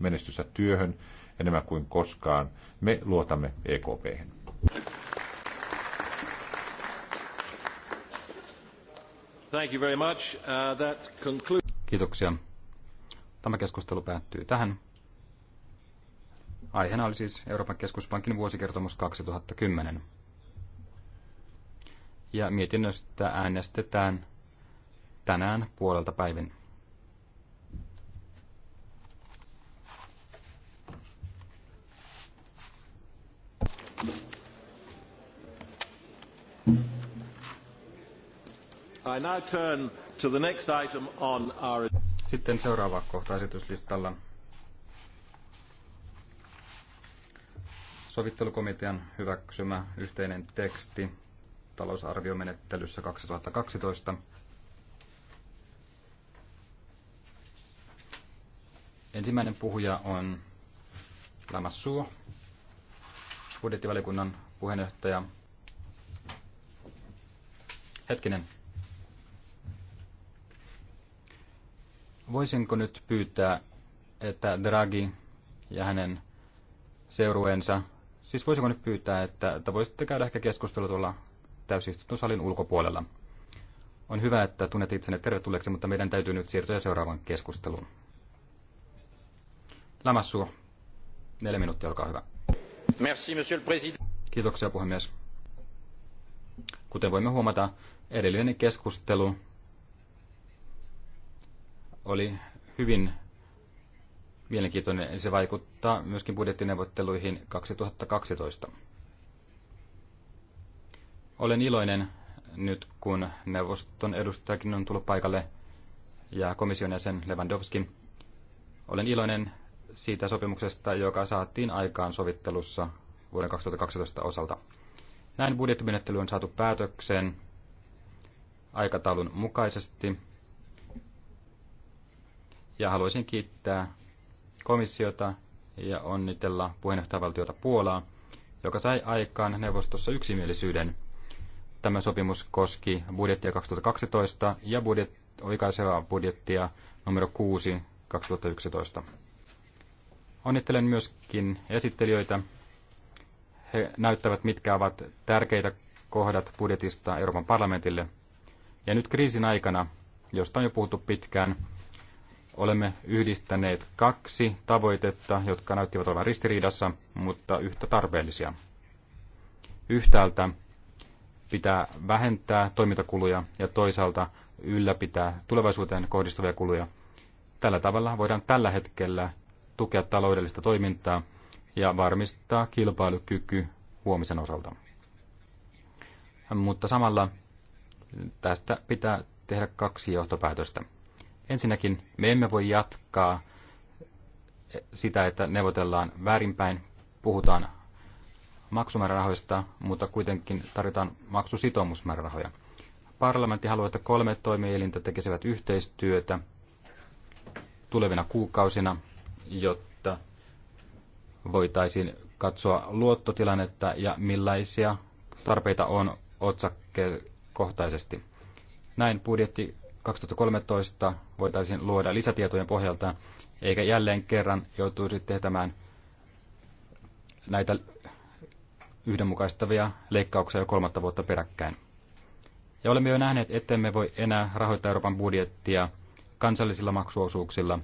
menestystä työhön enemmän kuin koskaan. Me luotamme EKP. Thank you very much. Uh, that conclude... Kiitoksia. Tämä keskustelu päättyy tähän. Aiheena oli siis Euroopan keskuspankin vuosikertomus 2010. Ja mietinnöstä äänestetään tänään puolelta päivin. I now turn to the next item on our... Sitten seuraava kohta esityslistalla. Sovittelukomitean hyväksymä yhteinen teksti talousarviomenettelyssä 2012. Ensimmäinen puhuja on Lamassu, budjettivaliokunnan puheenjohtaja. Hetkinen, Voisinko nyt pyytää, että Draghi ja hänen seurueensa, siis voisinko nyt pyytää, että, että voisitte käydä ehkä keskustelua tuolla täysistuntosalin ulkopuolella? On hyvä, että tunnet itsenne tervetulleeksi, mutta meidän täytyy nyt siirtyä seuraavaan keskusteluun. Lamassu, neljä minuuttia, olkaa hyvä. Merci, monsieur le président. Kiitoksia, puhemies. Kuten voimme huomata, edellinen keskustelu oli hyvin mielenkiintoinen. Se vaikuttaa myöskin budjettineuvotteluihin 2012. Olen iloinen nyt, kun neuvoston edustajakin on tullut paikalle ja komission jäsen Lewandowski. Olen iloinen siitä sopimuksesta, joka saatiin aikaan sovittelussa vuoden 2012 osalta. Näin budjettimenettely on saatu päätökseen aikataulun mukaisesti ja haluaisin kiittää komissiota ja onnitella puheenjohtajavaltiota Puolaa, joka sai aikaan neuvostossa yksimielisyyden. Tämä sopimus koski budjettia 2012 ja budjet, oikaisevaa budjettia numero 6 2011. Onnittelen myöskin esittelijöitä. He näyttävät, mitkä ovat tärkeitä kohdat budjetista Euroopan parlamentille. Ja nyt kriisin aikana, josta on jo puhuttu pitkään, Olemme yhdistäneet kaksi tavoitetta, jotka näyttivät olevan ristiriidassa, mutta yhtä tarpeellisia. Yhtäältä pitää vähentää toimintakuluja ja toisaalta ylläpitää tulevaisuuteen kohdistuvia kuluja. Tällä tavalla voidaan tällä hetkellä tukea taloudellista toimintaa ja varmistaa kilpailukyky huomisen osalta. Mutta samalla tästä pitää tehdä kaksi johtopäätöstä. Ensinnäkin me emme voi jatkaa sitä, että neuvotellaan väärinpäin, puhutaan maksumäärärahoista, mutta kuitenkin tarvitaan maksusitoumusmäärärahoja. Parlamentti haluaa, että kolme toimielintä tekisivät yhteistyötä tulevina kuukausina, jotta voitaisiin katsoa luottotilannetta ja millaisia tarpeita on otsakkeen kohtaisesti. Näin budjetti 2013 voitaisiin luoda lisätietojen pohjalta, eikä jälleen kerran joutuisi tehtämään näitä yhdenmukaistavia leikkauksia jo kolmatta vuotta peräkkäin. Ja olemme jo nähneet, ettemme voi enää rahoittaa Euroopan budjettia kansallisilla maksuosuuksilla.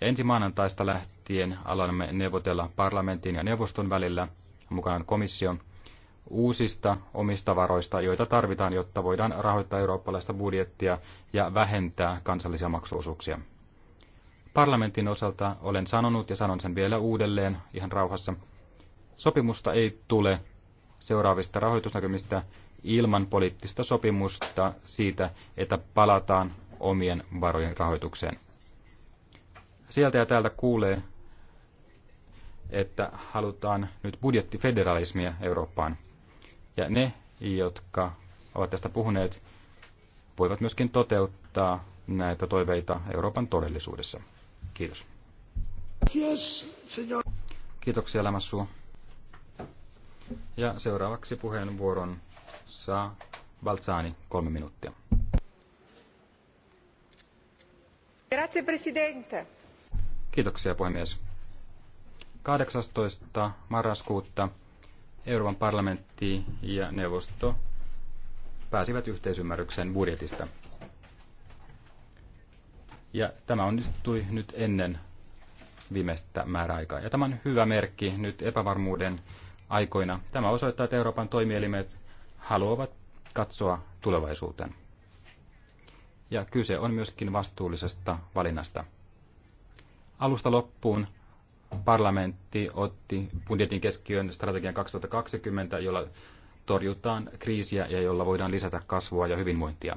Ja ensi maanantaista lähtien alamme neuvotella parlamentin ja neuvoston välillä, mukana komission, uusista omista varoista, joita tarvitaan, jotta voidaan rahoittaa eurooppalaista budjettia ja vähentää kansallisia maksuosuuksia. Parlamentin osalta olen sanonut ja sanon sen vielä uudelleen ihan rauhassa. Sopimusta ei tule seuraavista rahoitusnäkymistä ilman poliittista sopimusta siitä, että palataan omien varojen rahoitukseen. Sieltä ja täältä kuulee, että halutaan nyt budjettifederalismia Eurooppaan. Ja ne, jotka ovat tästä puhuneet, voivat myöskin toteuttaa näitä toiveita Euroopan todellisuudessa. Kiitos. Yes, senor. Kiitoksia elämässua. Ja seuraavaksi puheenvuoron saa Balzani kolme minuuttia. Grazie, presidente. Kiitoksia puhemies. 18. marraskuuta Euroopan parlamentti ja neuvosto pääsivät yhteisymmärrykseen budjetista. Ja tämä onnistui nyt ennen viimeistä määräaikaa. Ja tämä on hyvä merkki nyt epävarmuuden aikoina. Tämä osoittaa, että Euroopan toimielimet haluavat katsoa tulevaisuuteen. Ja kyse on myöskin vastuullisesta valinnasta. Alusta loppuun parlamentti otti budjetin keskiön strategian 2020, jolla torjutaan kriisiä ja jolla voidaan lisätä kasvua ja hyvinvointia.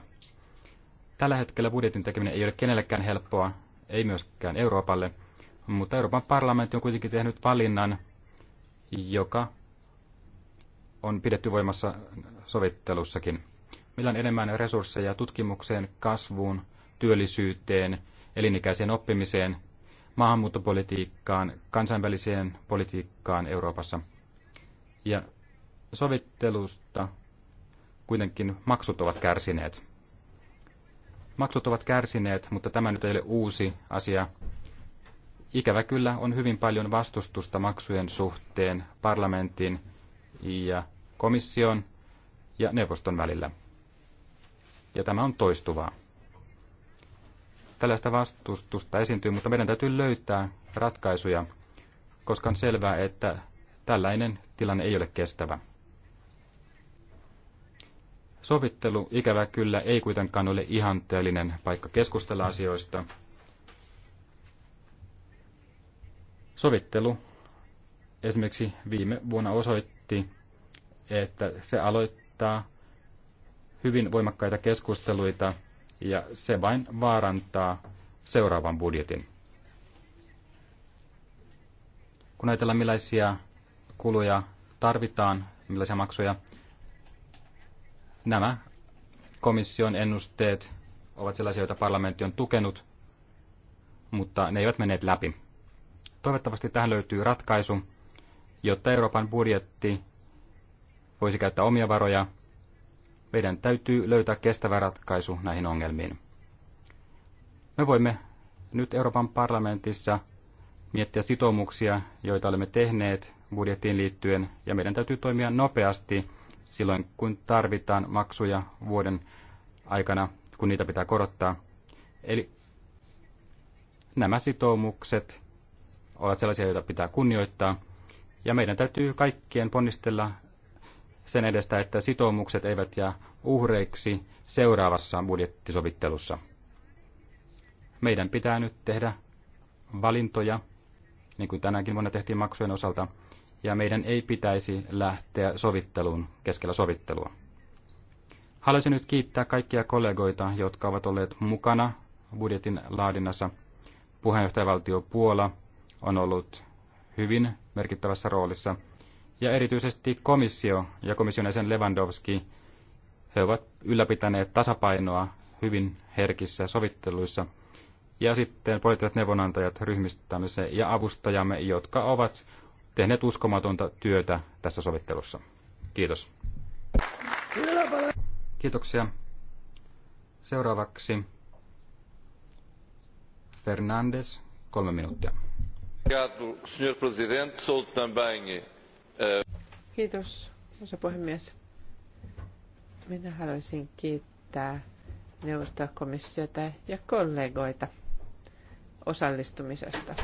Tällä hetkellä budjetin tekeminen ei ole kenellekään helppoa, ei myöskään Euroopalle, mutta Euroopan parlamentti on kuitenkin tehnyt valinnan, joka on pidetty voimassa sovittelussakin. Meillä on enemmän resursseja tutkimukseen, kasvuun, työllisyyteen, elinikäiseen oppimiseen – maahanmuuttopolitiikkaan, kansainväliseen politiikkaan Euroopassa. Ja sovittelusta kuitenkin maksut ovat kärsineet. Maksut ovat kärsineet, mutta tämä nyt ei ole uusi asia. Ikävä kyllä on hyvin paljon vastustusta maksujen suhteen parlamentin ja komission ja neuvoston välillä. Ja tämä on toistuvaa tällaista vastustusta esiintyy, mutta meidän täytyy löytää ratkaisuja, koska on selvää, että tällainen tilanne ei ole kestävä. Sovittelu ikävä kyllä ei kuitenkaan ole ihanteellinen paikka keskustella asioista. Sovittelu esimerkiksi viime vuonna osoitti, että se aloittaa hyvin voimakkaita keskusteluita – ja se vain vaarantaa seuraavan budjetin. Kun ajatellaan, millaisia kuluja tarvitaan, millaisia maksuja, nämä komission ennusteet ovat sellaisia, joita parlamentti on tukenut, mutta ne eivät menneet läpi. Toivottavasti tähän löytyy ratkaisu, jotta Euroopan budjetti voisi käyttää omia varoja meidän täytyy löytää kestävä ratkaisu näihin ongelmiin. Me voimme nyt Euroopan parlamentissa miettiä sitoumuksia, joita olemme tehneet budjettiin liittyen, ja meidän täytyy toimia nopeasti silloin, kun tarvitaan maksuja vuoden aikana, kun niitä pitää korottaa. Eli nämä sitoumukset ovat sellaisia, joita pitää kunnioittaa, ja meidän täytyy kaikkien ponnistella sen edestä, että sitoumukset eivät jää uhreiksi seuraavassa budjettisovittelussa. Meidän pitää nyt tehdä valintoja, niin kuin tänäänkin vuonna tehtiin maksujen osalta, ja meidän ei pitäisi lähteä sovitteluun keskellä sovittelua. Haluaisin nyt kiittää kaikkia kollegoita, jotka ovat olleet mukana budjetin laadinnassa. Puheenjohtajavaltio Puola on ollut hyvin merkittävässä roolissa – ja erityisesti komissio ja komission jäsen Lewandowski, he ovat ylläpitäneet tasapainoa hyvin herkissä sovitteluissa. Ja sitten poliittiset neuvonantajat ryhmistämme ja avustajamme, jotka ovat tehneet uskomatonta työtä tässä sovittelussa. Kiitos. Kiitoksia. Seuraavaksi Fernandes, kolme minuuttia. Obrigado, senhor presidente. Sou também Kiitos, arvoisa puhemies. Minä haluaisin kiittää neuvostoa, komissiota ja kollegoita osallistumisesta.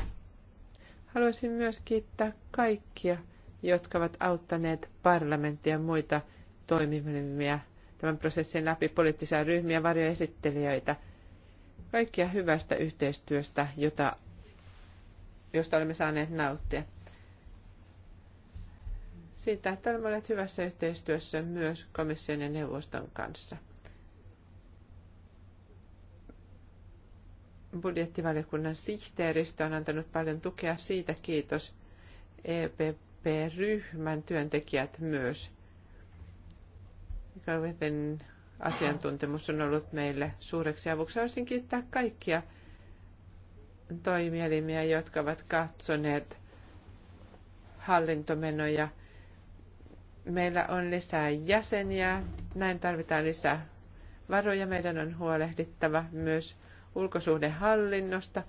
Haluaisin myös kiittää kaikkia, jotka ovat auttaneet parlamenttia ja muita toimivimia tämän prosessin läpi poliittisia ryhmiä, varjoesittelijöitä, kaikkia hyvästä yhteistyöstä, jota, josta olemme saaneet nauttia siitä, että olemme olleet hyvässä yhteistyössä myös komission ja neuvoston kanssa. Budjettivaliokunnan sihteeristö on antanut paljon tukea siitä, kiitos. EPP-ryhmän työntekijät myös. Kaveten asiantuntemus on ollut meille suureksi avuksi. Haluaisin kiittää kaikkia toimielimiä, jotka ovat katsoneet hallintomenoja – meillä on lisää jäseniä, näin tarvitaan lisää varoja. Meidän on huolehdittava myös ulkosuhdehallinnosta,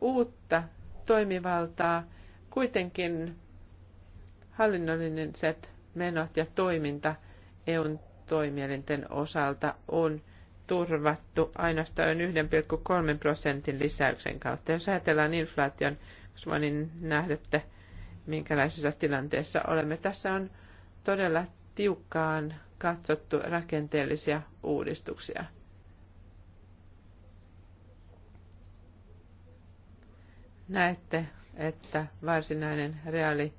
uutta toimivaltaa, kuitenkin hallinnolliset menot ja toiminta EUn toimielinten osalta on turvattu ainoastaan 1,3 prosentin lisäyksen kautta. Jos ajatellaan inflaation, koska niin nähdette, minkälaisessa tilanteessa olemme. Tässä on todella tiukkaan katsottu rakenteellisia uudistuksia. Näette, että varsinainen reaali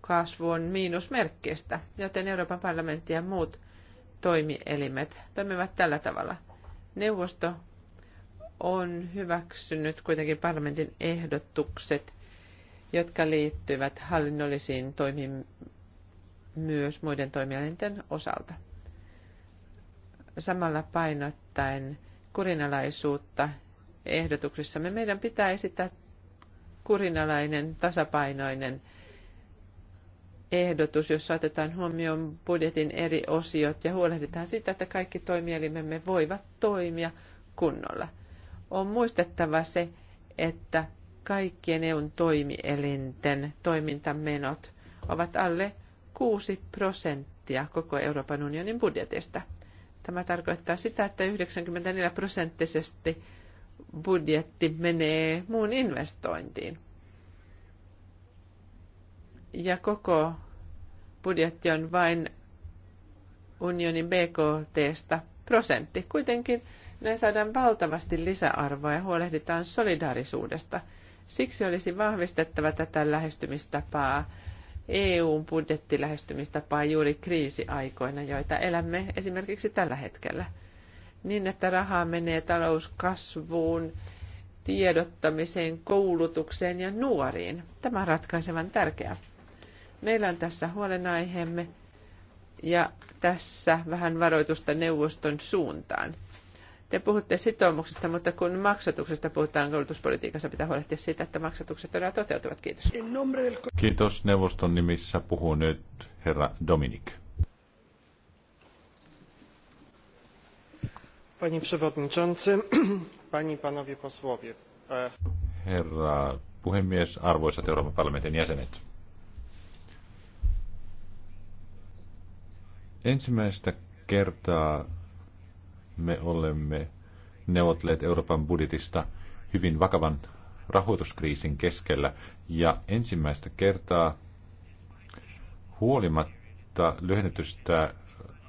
kasvu on miinusmerkkistä, joten Euroopan parlamentti ja muut toimielimet toimivat tällä tavalla. Neuvosto on hyväksynyt kuitenkin parlamentin ehdotukset jotka liittyvät hallinnollisiin toimiin myös muiden toimielinten osalta. Samalla painottaen kurinalaisuutta ehdotuksissamme meidän pitää esittää kurinalainen, tasapainoinen ehdotus, jossa otetaan huomioon budjetin eri osiot ja huolehditaan siitä, että kaikki toimielimemme voivat toimia kunnolla. On muistettava se, että kaikkien EUn toimielinten toimintamenot ovat alle 6 prosenttia koko Euroopan unionin budjetista. Tämä tarkoittaa sitä, että 94 prosenttisesti budjetti menee muun investointiin. Ja koko budjetti on vain unionin BKTstä prosentti. Kuitenkin näin saadaan valtavasti lisäarvoa ja huolehditaan solidaarisuudesta – Siksi olisi vahvistettava tätä lähestymistapaa, EUn budjettilähestymistapaa juuri kriisiaikoina, joita elämme esimerkiksi tällä hetkellä. Niin, että rahaa menee talouskasvuun, tiedottamiseen, koulutukseen ja nuoriin. Tämä on ratkaisevan tärkeää. Meillä on tässä huolenaiheemme ja tässä vähän varoitusta neuvoston suuntaan. Te puhutte sitoumuksista, mutta kun maksatuksesta puhutaan koulutuspolitiikassa, pitää huolehtia siitä, että maksatukset todella toteutuvat. Kiitos. Kiitos. Neuvoston nimissä puhuu nyt herra Dominik. Pani, przewodniczący, pani panowie posłowie. E- herra puhemies, arvoisat Euroopan parlamentin jäsenet. Ensimmäistä kertaa me olemme neuvotteleet Euroopan budjetista hyvin vakavan rahoituskriisin keskellä. Ja ensimmäistä kertaa huolimatta lyhennetystä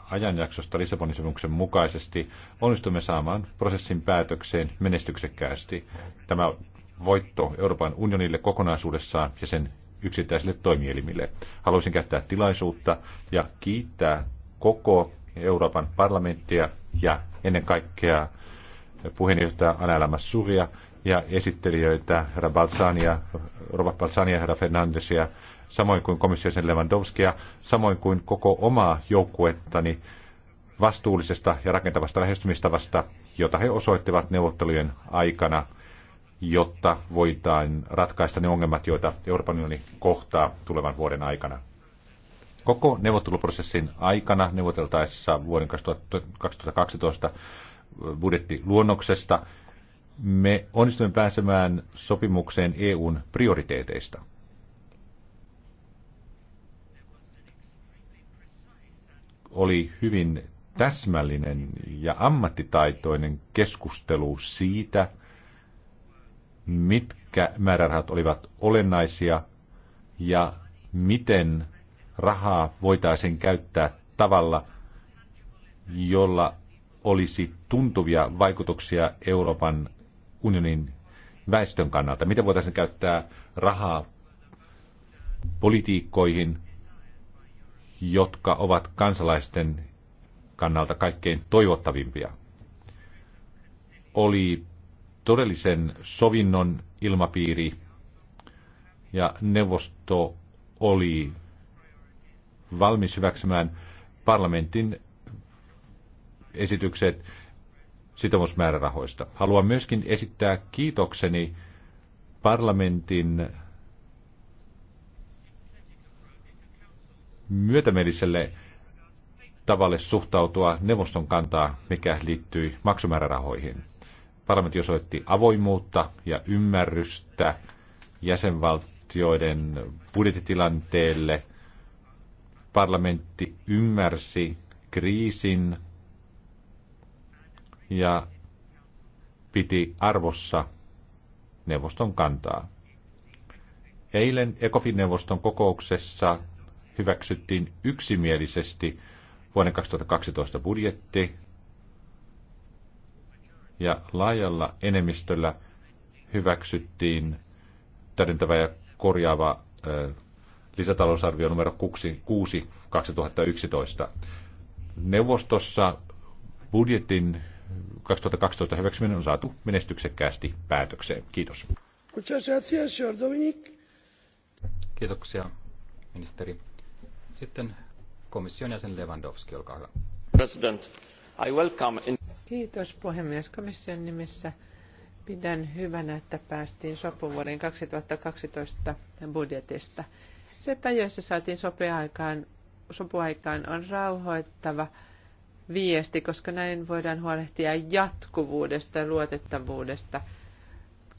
ajanjaksosta Lissabonin sopimuksen mukaisesti onnistumme saamaan prosessin päätökseen menestyksekkäästi. Tämä voitto Euroopan unionille kokonaisuudessaan ja sen yksittäisille toimielimille. Haluaisin käyttää tilaisuutta ja kiittää koko Euroopan parlamenttia ja ennen kaikkea puheenjohtaja Anna Suria ja esittelijöitä herra Balsania, Robert Balsania ja herra Fernandesia, samoin kuin komissiosen Lewandowskia, samoin kuin koko omaa joukkuettani vastuullisesta ja rakentavasta lähestymistavasta, jota he osoittivat neuvottelujen aikana, jotta voitain ratkaista ne ongelmat, joita Euroopan unioni kohtaa tulevan vuoden aikana. Koko neuvotteluprosessin aikana neuvoteltaessa vuoden 2012 budjettiluonnoksesta me onnistuimme pääsemään sopimukseen EUn prioriteeteista. Oli hyvin täsmällinen ja ammattitaitoinen keskustelu siitä, mitkä määrärahat olivat olennaisia ja miten rahaa voitaisiin käyttää tavalla, jolla olisi tuntuvia vaikutuksia Euroopan unionin väestön kannalta? Miten voitaisiin käyttää rahaa politiikkoihin, jotka ovat kansalaisten kannalta kaikkein toivottavimpia? Oli todellisen sovinnon ilmapiiri ja neuvosto oli valmis hyväksymään parlamentin esitykset sitomusmäärärahoista. Haluan myöskin esittää kiitokseni parlamentin myötämieliselle tavalle suhtautua neuvoston kantaa, mikä liittyy maksumäärärahoihin. Parlamentti osoitti avoimuutta ja ymmärrystä jäsenvaltioiden budjettitilanteelle – parlamentti ymmärsi kriisin ja piti arvossa neuvoston kantaa. Eilen ECOFIN-neuvoston kokouksessa hyväksyttiin yksimielisesti vuoden 2012 budjetti ja laajalla enemmistöllä hyväksyttiin täydentävä ja korjaava lisätalousarvio numero 6 2011. Neuvostossa budjetin 2012 hyväksyminen on saatu menestyksekkäästi päätökseen. Kiitos. Kiitoksia, ministeri. Sitten komission jäsen Lewandowski, olkaa hyvä. President, I welcome in... Kiitos puhemies komission nimissä. Pidän hyvänä, että päästiin sopuvuoden 2012 budjetista. Se, että ajoissa saatiin sopuaikaan, sopuaikaan, on rauhoittava viesti, koska näin voidaan huolehtia jatkuvuudesta ja luotettavuudesta,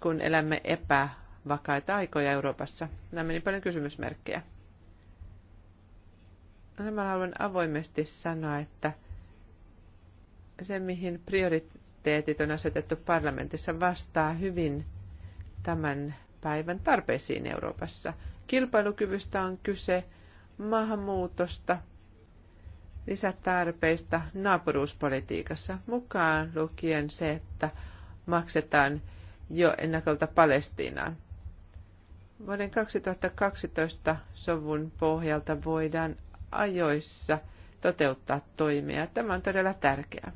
kun elämme epävakaita aikoja Euroopassa. Nämä meni paljon kysymysmerkkejä. Mä haluan avoimesti sanoa, että se, mihin prioriteetit on asetettu parlamentissa, vastaa hyvin tämän päivän tarpeisiin Euroopassa. Kilpailukyvystä on kyse, maahanmuutosta, lisätarpeista naapuruuspolitiikassa, mukaan lukien se, että maksetaan jo ennakolta Palestiinaan. Vuoden 2012 sovun pohjalta voidaan ajoissa toteuttaa toimia. Tämä on todella tärkeää.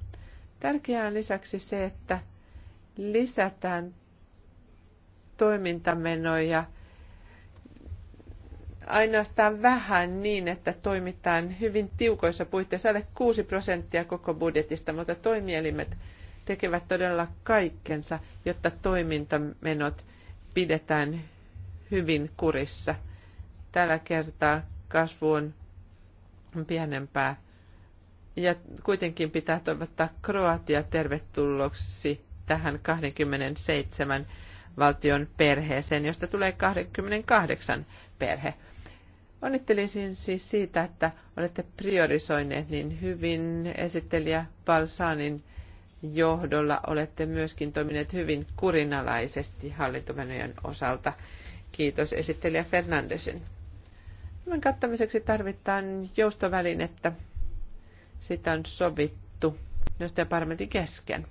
Tärkeää on lisäksi se, että lisätään toimintamenoja – ainoastaan vähän niin, että toimitaan hyvin tiukoissa puitteissa, alle 6 prosenttia koko budjetista, mutta toimielimet tekevät todella kaikkensa, jotta toimintamenot pidetään hyvin kurissa. Tällä kertaa kasvu on pienempää. Ja kuitenkin pitää toivottaa Kroatia tervetulloksi tähän 27 valtion perheeseen, josta tulee 28 perhe. Onnittelisin siis siitä, että olette priorisoineet niin hyvin esittelijä Balsanin johdolla. Olette myöskin toimineet hyvin kurinalaisesti hallintomenojen osalta. Kiitos esittelijä Fernandesin. Tämän kattamiseksi tarvitaan joustovälinettä. Sitä on sovittu myös parlamentin kesken.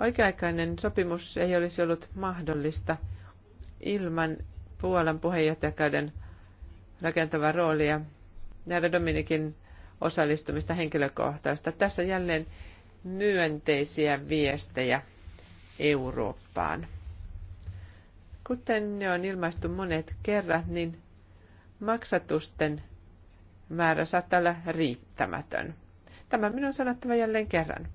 Oikea-aikainen sopimus ei olisi ollut mahdollista ilman, Puolan puheenjohtajakauden rooli ja nähdä Dominikin osallistumista henkilökohtaista. Tässä jälleen myönteisiä viestejä Eurooppaan. Kuten ne on ilmaistu monet kerrat, niin maksatusten määrä saattaa olla riittämätön. Tämä minun on sanottava jälleen kerran.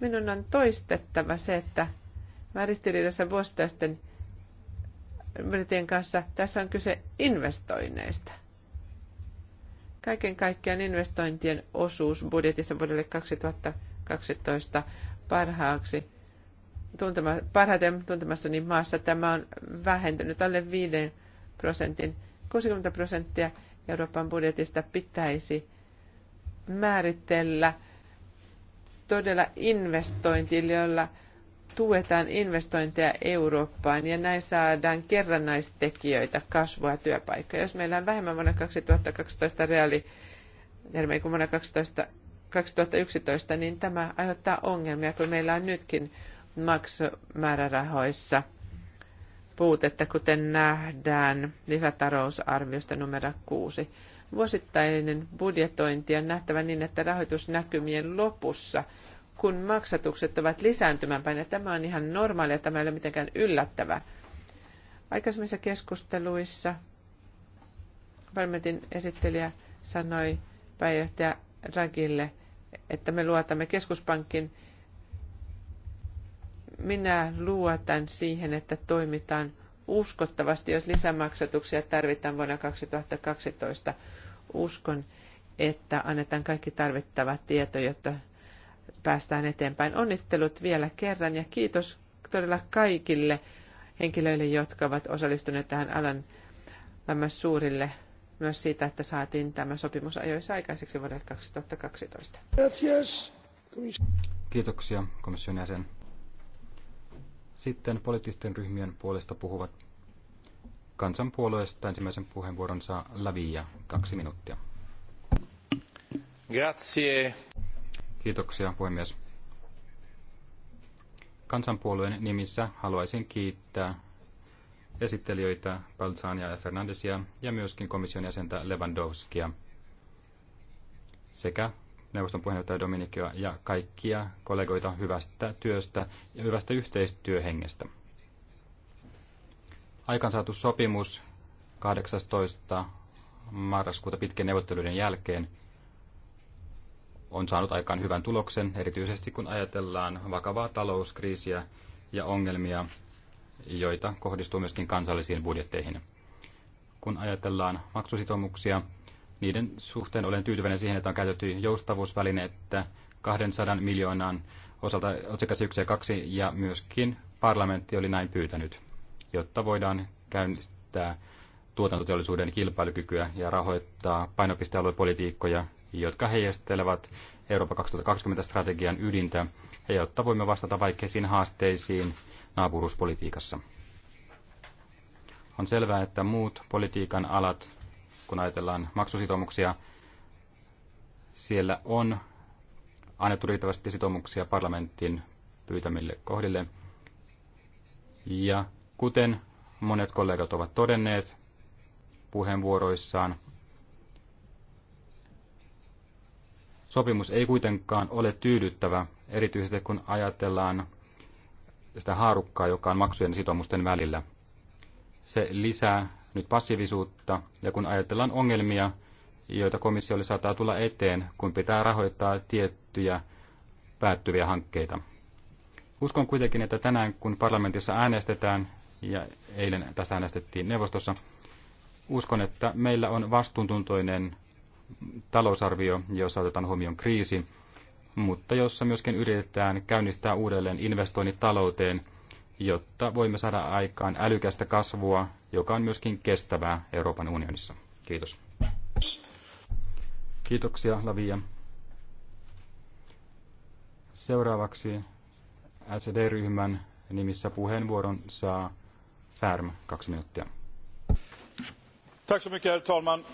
Minun on toistettava se, että määrittelijässä vuosittaisten Britien kanssa. Tässä on kyse investoinneista. Kaiken kaikkiaan investointien osuus budjetissa vuodelle 2012 parhaaksi tuntema, parhaiten tuntemassani maassa tämä on vähentynyt alle 5 prosentin. 60 prosenttia Euroopan budjetista pitäisi määritellä todella investointi, joilla – tuetaan investointeja Eurooppaan ja näin saadaan kerrannaistekijöitä, kasvua, työpaikkoja. Jos meillä on vähemmän vuonna 2012 reaali, kuin vuonna 12, 2011, niin tämä aiheuttaa ongelmia, kun meillä on nytkin maksumäärärahoissa puutetta, kuten nähdään lisätalousarviosta numero 6. Vuosittainen budjetointi on nähtävä niin, että rahoitusnäkymien lopussa – kun maksatukset ovat lisääntymään päin. Ja tämä on ihan normaalia, tämä ei ole mitenkään yllättävää. Aikaisemmissa keskusteluissa parlamentin esittelijä sanoi pääjohtaja Ragille, että me luotamme keskuspankin. Minä luotan siihen, että toimitaan uskottavasti, jos lisämaksatuksia tarvitaan vuonna 2012. Uskon, että annetaan kaikki tarvittava tieto, jotta päästään eteenpäin. Onnittelut vielä kerran ja kiitos todella kaikille henkilöille, jotka ovat osallistuneet tähän alan lämmäs suurille myös siitä, että saatiin tämä sopimus ajoissa aikaiseksi vuodelle 2012. Kiitoksia komission jäsen. Sitten poliittisten ryhmien puolesta puhuvat kansanpuolueesta ensimmäisen puheenvuoron saa Lavia, kaksi minuuttia. Grazie. Kiitoksia, puhemies. Kansanpuolueen nimissä haluaisin kiittää esittelijöitä Balzania ja Fernandesia ja myöskin komission jäsentä Lewandowskia sekä neuvoston puheenjohtaja Dominikia ja kaikkia kollegoita hyvästä työstä ja hyvästä yhteistyöhengestä. Aikansaatu sopimus 18. marraskuuta pitkien neuvotteluiden jälkeen – on saanut aikaan hyvän tuloksen, erityisesti kun ajatellaan vakavaa talouskriisiä ja ongelmia, joita kohdistuu myöskin kansallisiin budjetteihin. Kun ajatellaan maksusitoumuksia, niiden suhteen olen tyytyväinen siihen, että on käytetty että 200 miljoonan osalta otsikassa 1 ja 2, ja myöskin parlamentti oli näin pyytänyt, jotta voidaan käynnistää tuotantoteollisuuden kilpailukykyä ja rahoittaa painopistealuepolitiikkoja jotka heijastelevat Eurooppa 2020-strategian ydintä ja jotta voimme vastata vaikeisiin haasteisiin naapuruuspolitiikassa. On selvää, että muut politiikan alat, kun ajatellaan maksusitoumuksia, siellä on annettu riittävästi sitoumuksia parlamentin pyytämille kohdille. Ja kuten monet kollegat ovat todenneet puheenvuoroissaan, Sopimus ei kuitenkaan ole tyydyttävä, erityisesti kun ajatellaan sitä haarukkaa, joka on maksujen ja sitoumusten välillä. Se lisää nyt passiivisuutta, ja kun ajatellaan ongelmia, joita komissiolle saattaa tulla eteen, kun pitää rahoittaa tiettyjä päättyviä hankkeita. Uskon kuitenkin, että tänään kun parlamentissa äänestetään, ja eilen tästä äänestettiin neuvostossa, uskon, että meillä on vastuuntuntoinen talousarvio, jossa otetaan huomioon kriisi, mutta jossa myöskin yritetään käynnistää uudelleen investoinnit talouteen, jotta voimme saada aikaan älykästä kasvua, joka on myöskin kestävää Euroopan unionissa. Kiitos. Kiitoksia, Lavia. Seuraavaksi SED-ryhmän nimissä puheenvuoron saa Färm, kaksi minuuttia. Tack så mycket, herr talman.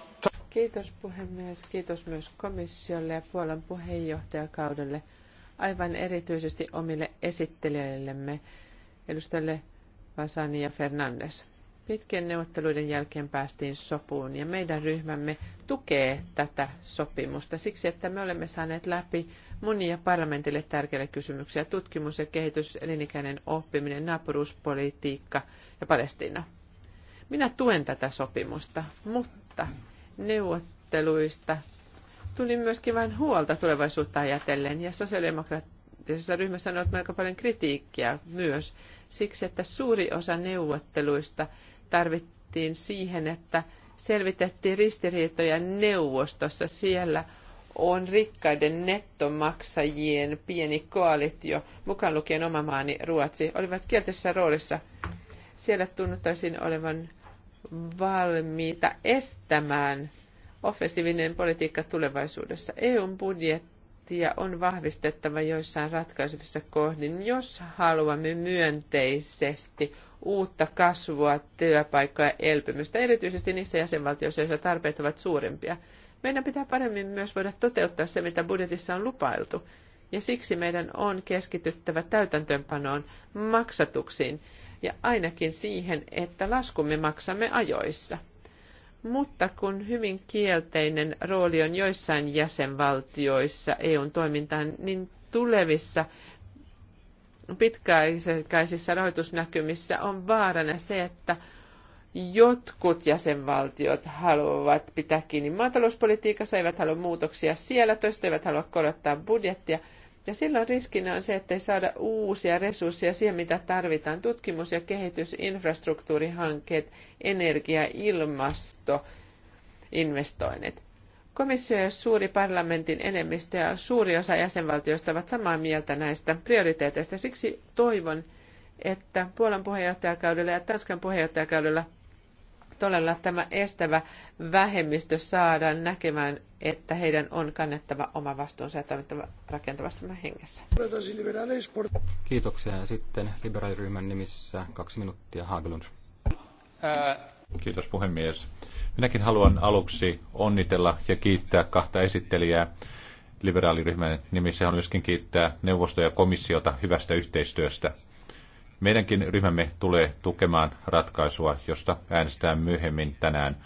Kiitos puhemies, kiitos myös komissiolle ja Puolan puheenjohtajakaudelle, aivan erityisesti omille esittelijöillemme, edustajille Vasani ja Fernandes. Pitkien neuvotteluiden jälkeen päästiin sopuun ja meidän ryhmämme tukee tätä sopimusta siksi, että me olemme saaneet läpi monia parlamentille tärkeitä kysymyksiä, tutkimus ja kehitys, elinikäinen oppiminen, naapuruuspolitiikka ja Palestiina. Minä tuen tätä sopimusta, mutta neuvotteluista tuli myöskin vähän huolta tulevaisuutta ajatellen, ja sosiaalidemokraattisessa ryhmässä ollut melko paljon kritiikkiä myös siksi, että suuri osa neuvotteluista tarvittiin siihen, että selvitettiin ristiriitoja neuvostossa. Siellä on rikkaiden nettomaksajien pieni koalitio, mukaan lukien oma maani Ruotsi, olivat kielteisessä roolissa. Siellä tunnuttaisiin olevan valmiita estämään offensiivinen politiikka tulevaisuudessa. EUn budjettia on vahvistettava joissain ratkaisevissa kohdin, jos haluamme myönteisesti uutta kasvua, työpaikkoja, elpymystä, erityisesti niissä jäsenvaltioissa, joissa tarpeet ovat suurimpia. Meidän pitää paremmin myös voida toteuttaa se, mitä budjetissa on lupailtu, ja siksi meidän on keskityttävä täytäntöönpanoon maksatuksiin – ja ainakin siihen, että laskumme maksamme ajoissa. Mutta kun hyvin kielteinen rooli on joissain jäsenvaltioissa EUn toimintaan, niin tulevissa pitkäaikaisissa rahoitusnäkymissä on vaarana se, että jotkut jäsenvaltiot haluavat pitää kiinni maatalouspolitiikassa, eivät halua muutoksia siellä, toiset eivät halua korottaa budjettia – ja silloin riskinä on se, että ei saada uusia resursseja siihen, mitä tarvitaan. Tutkimus ja kehitys, infrastruktuurihankkeet, energia, ilmasto, ilmastoinvestoinnit. Komissio ja suuri parlamentin enemmistö ja suuri osa jäsenvaltioista ovat samaa mieltä näistä prioriteeteista. Siksi toivon, että Puolan puheenjohtajakaudella ja Tanskan puheenjohtajakaudella todella tämä estävä vähemmistö saada näkemään, että heidän on kannettava oma vastuunsa ja toimittava rakentavassa hengessä. Kiitoksia. Ja sitten liberaaliryhmän nimissä kaksi minuuttia Haglund. Äh. Kiitos puhemies. Minäkin haluan aluksi onnitella ja kiittää kahta esittelijää liberaaliryhmän nimissä. Haluan myöskin kiittää neuvostoja ja komissiota hyvästä yhteistyöstä. Meidänkin ryhmämme tulee tukemaan ratkaisua, josta äänestetään myöhemmin tänään.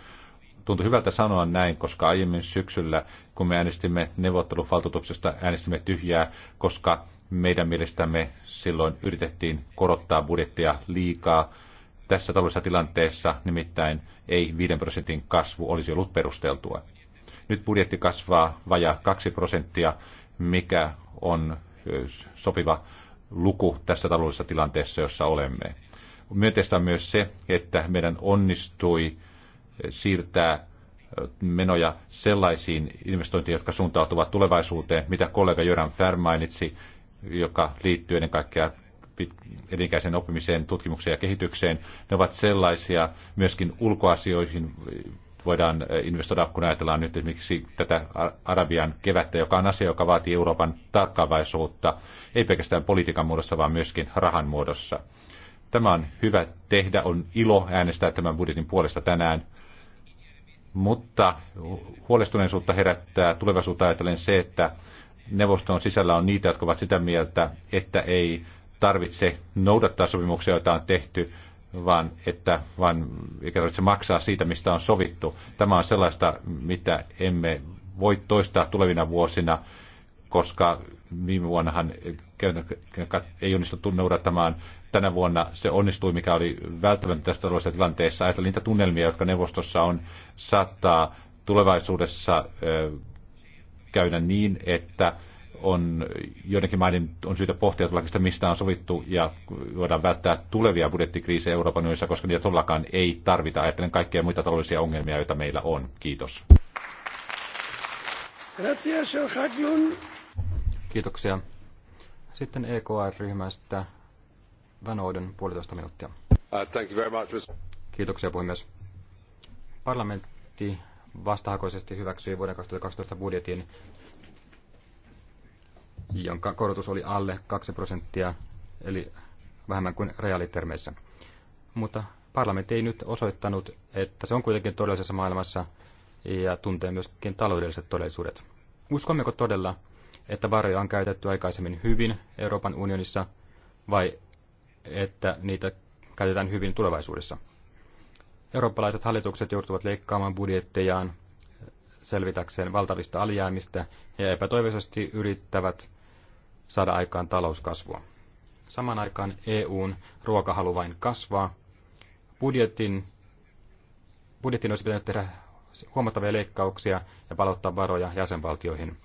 Tuntui hyvältä sanoa näin, koska aiemmin syksyllä, kun me äänestimme neuvotteluvaltuutuksesta, äänestimme tyhjää, koska meidän mielestämme silloin yritettiin korottaa budjettia liikaa. Tässä taloudellisessa tilanteessa nimittäin ei 5 prosentin kasvu olisi ollut perusteltua. Nyt budjetti kasvaa vajaa 2 prosenttia, mikä on sopiva luku tässä taloudellisessa tilanteessa, jossa olemme. Myönteistä on myös se, että meidän onnistui siirtää menoja sellaisiin investointiin, jotka suuntautuvat tulevaisuuteen, mitä kollega Jöran Fär mainitsi, joka liittyy ennen kaikkea elinikäisen oppimiseen, tutkimukseen ja kehitykseen. Ne ovat sellaisia myöskin ulkoasioihin voidaan eh, investoida, kun ajatellaan nyt esimerkiksi tätä Arabian kevättä, joka on asia, joka vaatii Euroopan tarkkaavaisuutta, ei pelkästään politiikan muodossa, vaan myöskin rahan muodossa. Tämä on hyvä tehdä, on ilo äänestää tämän budjetin puolesta tänään, mutta huolestuneisuutta herättää tulevaisuutta ajatellen se, että neuvoston sisällä on niitä, jotka ovat sitä mieltä, että ei tarvitse noudattaa sopimuksia, joita on tehty, vaan että vaan eikä tarvitse maksaa siitä, mistä on sovittu. Tämä on sellaista, mitä emme voi toistaa tulevina vuosina, koska viime vuonnahan ei onnistuttu noudattamaan. Tänä vuonna se onnistui, mikä oli välttämättä tässä taloudellisessa tilanteessa. Ajatellaan niitä tunnelmia, jotka neuvostossa on, saattaa tulevaisuudessa käydä niin, että on, joidenkin maiden on syytä pohtia, että mistä on sovittu ja voidaan välttää tulevia budjettikriisejä Euroopan unionissa, koska niitä todellakaan ei tarvita. Ajattelen kaikkia muita taloudellisia ongelmia, joita meillä on. Kiitos. Kiitoksia. Sitten EKR-ryhmästä Van puolitoista minuuttia. Uh, Kiitoksia puhemies. Parlamentti vastahakoisesti hyväksyi vuoden 2012 budjetin, jonka korotus oli alle 2 prosenttia, eli vähemmän kuin reaalitermeissä. Mutta parlamentti ei nyt osoittanut, että se on kuitenkin todellisessa maailmassa ja tuntee myöskin taloudelliset todellisuudet. Uskommeko todella, että varoja on käytetty aikaisemmin hyvin Euroopan unionissa vai että niitä käytetään hyvin tulevaisuudessa? Eurooppalaiset hallitukset joutuvat leikkaamaan budjettejaan selvitäkseen valtavista alijäämistä ja epätoivoisesti yrittävät saada aikaan talouskasvua. Saman aikaan EUn ruokahalu vain kasvaa. Budjetin, budjetin olisi pitänyt tehdä huomattavia leikkauksia ja palauttaa varoja jäsenvaltioihin.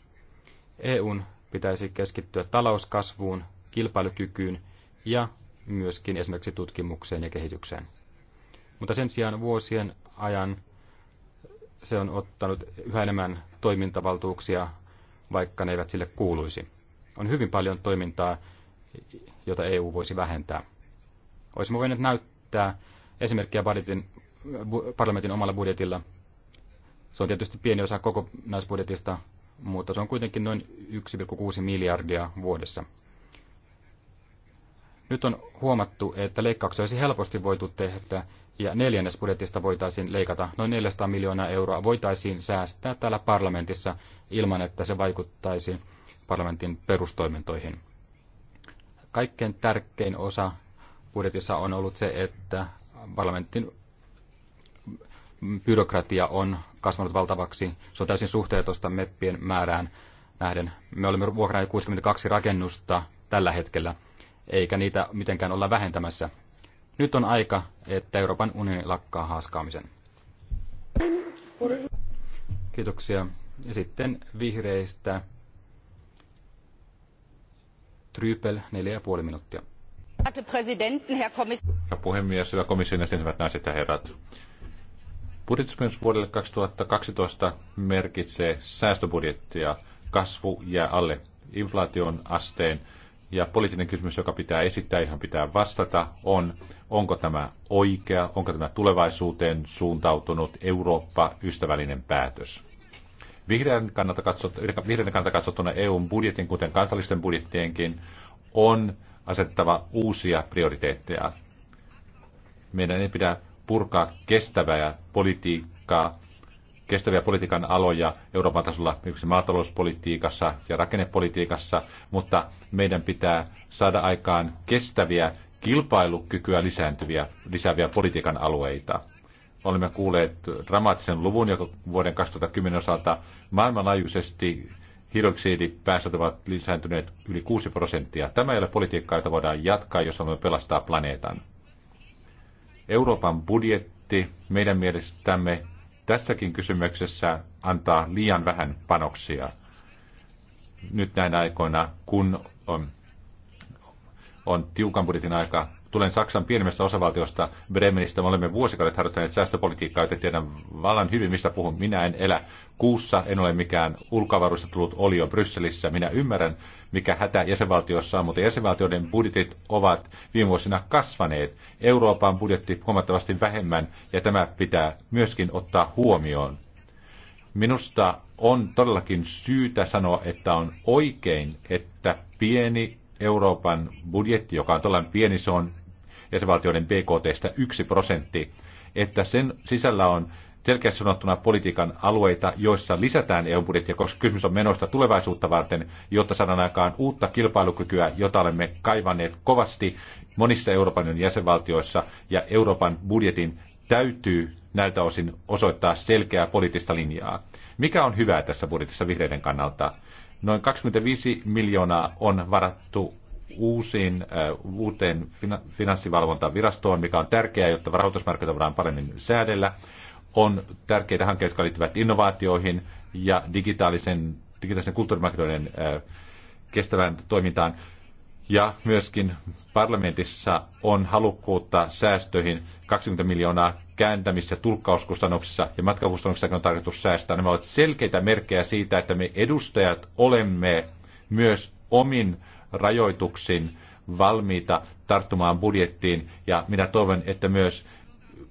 EUn pitäisi keskittyä talouskasvuun, kilpailukykyyn ja myöskin esimerkiksi tutkimukseen ja kehitykseen. Mutta sen sijaan vuosien ajan se on ottanut yhä enemmän toimintavaltuuksia, vaikka ne eivät sille kuuluisi on hyvin paljon toimintaa, jota EU voisi vähentää. Olisimme voineet näyttää esimerkkiä budjetin, parlamentin omalla budjetilla. Se on tietysti pieni osa koko budjetista, mutta se on kuitenkin noin 1,6 miljardia vuodessa. Nyt on huomattu, että leikkauksia olisi helposti voitu tehdä ja budjetista voitaisiin leikata noin 400 miljoonaa euroa voitaisiin säästää täällä parlamentissa ilman, että se vaikuttaisi parlamentin perustoimintoihin. Kaikkein tärkein osa budjetissa on ollut se, että parlamentin byrokratia on kasvanut valtavaksi. Se on täysin suhteetosta meppien määrään nähden. Me olemme vuokranneet 62 rakennusta tällä hetkellä, eikä niitä mitenkään olla vähentämässä. Nyt on aika, että Euroopan unioni lakkaa haaskaamisen. Kiitoksia. Ja sitten vihreistä Trypel, neljä ja puoli minuuttia. Herra puhemies, hyvä komission jäsen, hyvät naiset ja herrat. Budjettisopimus vuodelle 2012 merkitsee säästöbudjettia. Kasvu jää alle inflaation asteen. Ja poliittinen kysymys, joka pitää esittää, ihan pitää vastata, on, onko tämä oikea, onko tämä tulevaisuuteen suuntautunut Eurooppa-ystävällinen päätös. Vihreän kannalta, katsot, vihreän kannalta katsottuna EUn budjetin, kuten kansallisten budjettienkin, on asettava uusia prioriteetteja. Meidän ei pidä purkaa kestävää politiikkaa, kestäviä politiikan aloja Euroopan tasolla, esimerkiksi maatalouspolitiikassa ja rakennepolitiikassa, mutta meidän pitää saada aikaan kestäviä, kilpailukykyä lisääntyviä, lisääviä politiikan alueita olemme kuulleet dramaattisen luvun, joka vuoden 2010 osalta maailmanlaajuisesti hiilidioksidipäästöt ovat lisääntyneet yli 6 prosenttia. Tämä ei ole politiikkaa, jota voidaan jatkaa, jos haluamme pelastaa planeetan. Euroopan budjetti meidän mielestämme tässäkin kysymyksessä antaa liian vähän panoksia. Nyt näin aikoina, kun on, on tiukan budjetin aika, tulen Saksan pienimmästä osavaltiosta Bremenistä. Me olemme vuosikaudet harjoittaneet säästöpolitiikkaa, joten tiedän vallan hyvin, mistä puhun. Minä en elä kuussa, en ole mikään ulkoavaruudesta tullut olio Brysselissä. Minä ymmärrän, mikä hätä jäsenvaltiossa on, mutta jäsenvaltioiden budjetit ovat viime vuosina kasvaneet. Euroopan budjetti huomattavasti vähemmän, ja tämä pitää myöskin ottaa huomioon. Minusta on todellakin syytä sanoa, että on oikein, että pieni Euroopan budjetti, joka on tällainen pieni, se on jäsenvaltioiden BKTstä 1 prosentti, että sen sisällä on selkeästi sanottuna politiikan alueita, joissa lisätään EU-budjettia, koska kysymys on menoista tulevaisuutta varten, jotta saadaan aikaan uutta kilpailukykyä, jota olemme kaivanneet kovasti monissa Euroopan jäsenvaltioissa, ja Euroopan budjetin täytyy näiltä osin osoittaa selkeää poliittista linjaa. Mikä on hyvää tässä budjetissa vihreiden kannalta? Noin 25 miljoonaa on varattu uusiin, äh, uuteen finanssivalvontavirastoon, mikä on tärkeää, jotta rahoitusmarkkinoita voidaan paremmin säädellä. On tärkeitä hankkeita, jotka liittyvät innovaatioihin ja digitaalisen, digitaalisen kulttuurimarkkinoiden äh, kestävään toimintaan. Ja myöskin parlamentissa on halukkuutta säästöihin 20 miljoonaa kääntämis- ja tulkkauskustannuksissa ja matkakustannuksissa on tarkoitus säästää. Nämä ovat selkeitä merkkejä siitä, että me edustajat olemme myös omin rajoituksin valmiita tarttumaan budjettiin ja minä toivon, että myös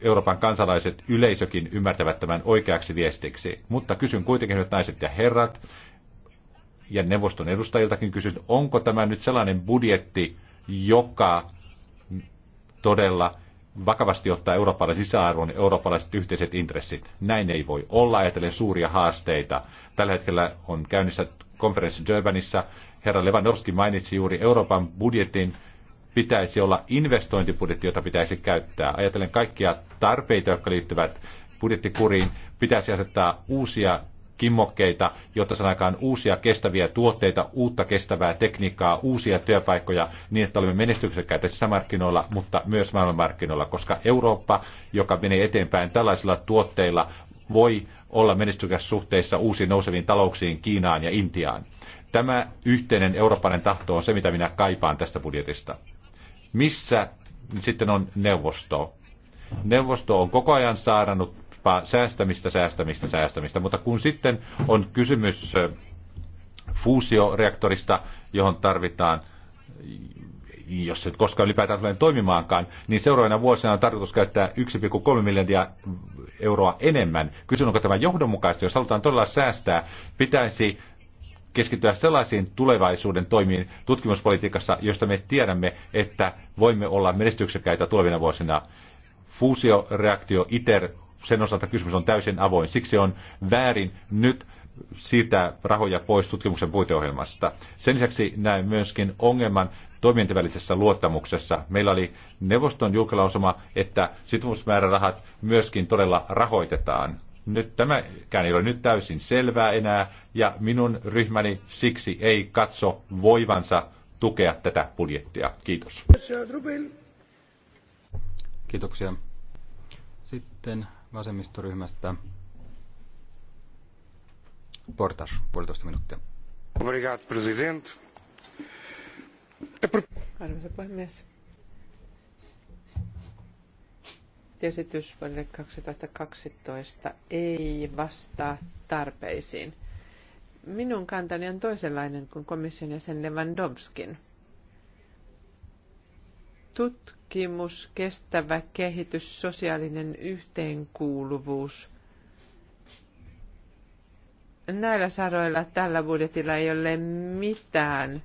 Euroopan kansalaiset yleisökin ymmärtävät tämän oikeaksi viestiksi. Mutta kysyn kuitenkin, nyt naiset ja herrat, ja neuvoston edustajiltakin kysyn, onko tämä nyt sellainen budjetti, joka todella vakavasti ottaa eurooppalaisen sisäarvon ja eurooppalaiset yhteiset intressit. Näin ei voi olla, ajatellen suuria haasteita. Tällä hetkellä on käynnissä konferenssi Durbanissa, Herra Lewandowski mainitsi juuri Euroopan budjetin pitäisi olla investointibudjetti, jota pitäisi käyttää. Ajatellen kaikkia tarpeita, jotka liittyvät budjettikuriin, pitäisi asettaa uusia kimmokkeita, jotta saadaan uusia kestäviä tuotteita, uutta kestävää tekniikkaa, uusia työpaikkoja niin, että olemme menestyksekkäitä sisämarkkinoilla, mutta myös maailmanmarkkinoilla, koska Eurooppa, joka menee eteenpäin tällaisilla tuotteilla, voi olla menestyksessä suhteessa uusiin nouseviin talouksiin, Kiinaan ja Intiaan. Tämä yhteinen eurooppalainen tahto on se, mitä minä kaipaan tästä budjetista. Missä sitten on neuvosto? Neuvosto on koko ajan saarannut säästämistä, säästämistä, säästämistä, mutta kun sitten on kysymys fuusioreaktorista, johon tarvitaan jos se koskaan ylipäätään tulee toimimaankaan, niin seuraavana vuosina on tarkoitus käyttää 1,3 miljardia euroa enemmän. Kysyn, onko tämä johdonmukaista, jos halutaan todella säästää, pitäisi keskittyä sellaisiin tulevaisuuden toimiin tutkimuspolitiikassa, josta me tiedämme, että voimme olla menestyksekkäitä tulevina vuosina. Fuusioreaktio ITER, sen osalta kysymys on täysin avoin. Siksi on väärin nyt siirtää rahoja pois tutkimuksen puiteohjelmasta. Sen lisäksi näen myöskin ongelman toimijoiden välisessä luottamuksessa. Meillä oli neuvoston julkilausuma, että sitoumusmäärärahat myöskin todella rahoitetaan. Nyt tämäkään ei ole nyt täysin selvää enää, ja minun ryhmäni siksi ei katso voivansa tukea tätä budjettia. Kiitos. Kiitoksia. Sitten vasemmistoryhmästä Portas, puolitoista minuuttia. Arvoisa puhemies, esitys vuodelle 2012 ei vastaa tarpeisiin. Minun kantani on toisenlainen kuin komission jäsen Lewandowskin. Tutkimus, kestävä kehitys, sosiaalinen yhteenkuuluvuus. Näillä saroilla tällä budjetilla ei ole mitään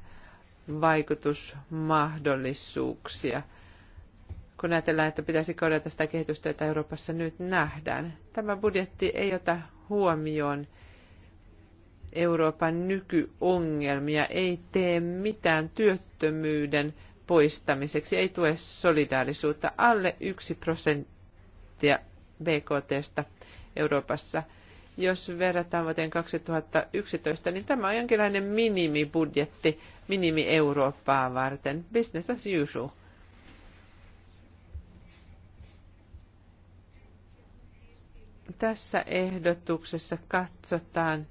vaikutusmahdollisuuksia – kun ajatellaan, että pitäisi korjata sitä kehitystä, jota Euroopassa nyt nähdään. Tämä budjetti ei ota huomioon Euroopan nykyongelmia, ei tee mitään työttömyyden poistamiseksi, ei tue solidaarisuutta. Alle yksi prosenttia BKTstä Euroopassa. Jos verrataan vuoteen 2011, niin tämä on jonkinlainen minimibudjetti, minimi Eurooppaa varten. Business as usual. Tässä ehdotuksessa katsotaan,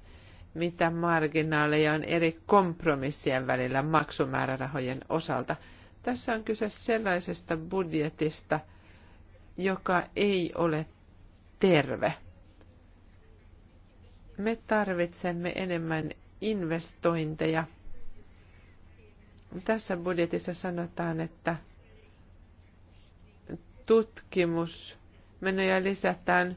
mitä marginaaleja on eri kompromissien välillä maksumäärärahojen osalta. Tässä on kyse sellaisesta budjetista, joka ei ole terve. Me tarvitsemme enemmän investointeja. Tässä budjetissa sanotaan, että tutkimusmenoja lisätään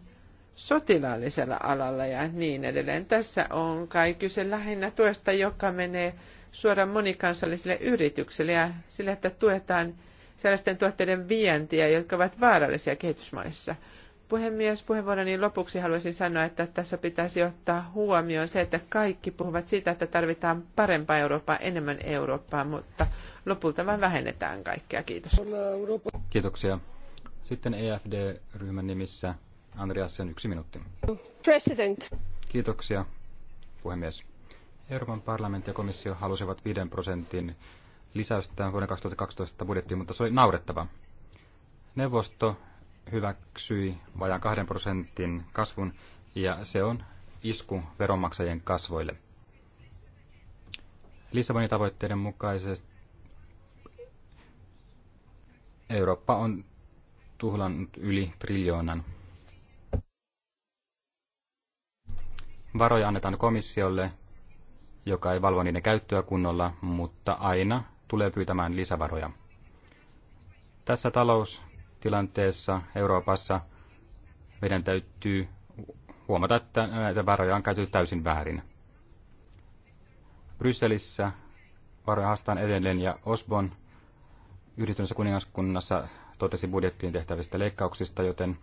sotilaallisella alalla ja niin edelleen. Tässä on kai kyse lähinnä tuesta, joka menee suoraan monikansallisille yrityksille ja sille, että tuetaan sellaisten tuotteiden vientiä, jotka ovat vaarallisia kehitysmaissa. Puhemies, puheenvuoroni lopuksi haluaisin sanoa, että tässä pitäisi ottaa huomioon se, että kaikki puhuvat siitä, että tarvitaan parempaa Eurooppaa, enemmän Eurooppaa, mutta lopulta vain vähennetään kaikkea. Kiitos. Kiitoksia. Sitten EFD-ryhmän nimissä Andreasen yksi minuutti. President. Kiitoksia, puhemies. Euroopan parlamentti ja komissio halusivat 5 prosentin lisäystä vuoden 2012 budjettiin, mutta se oli naurettava. Neuvosto hyväksyi vajaan 2 prosentin kasvun ja se on isku veronmaksajien kasvoille. Lissabonin tavoitteiden mukaisesti Eurooppa on tuhlannut yli triljoonan Varoja annetaan komissiolle, joka ei valvo niiden käyttöä kunnolla, mutta aina tulee pyytämään lisävaroja. Tässä taloustilanteessa Euroopassa meidän täytyy huomata, että näitä varoja on käytetty täysin väärin. Brysselissä varoja haastaan edelleen ja Osbon yhdistyneessä kuningaskunnassa totesi budjettiin tehtävistä leikkauksista, joten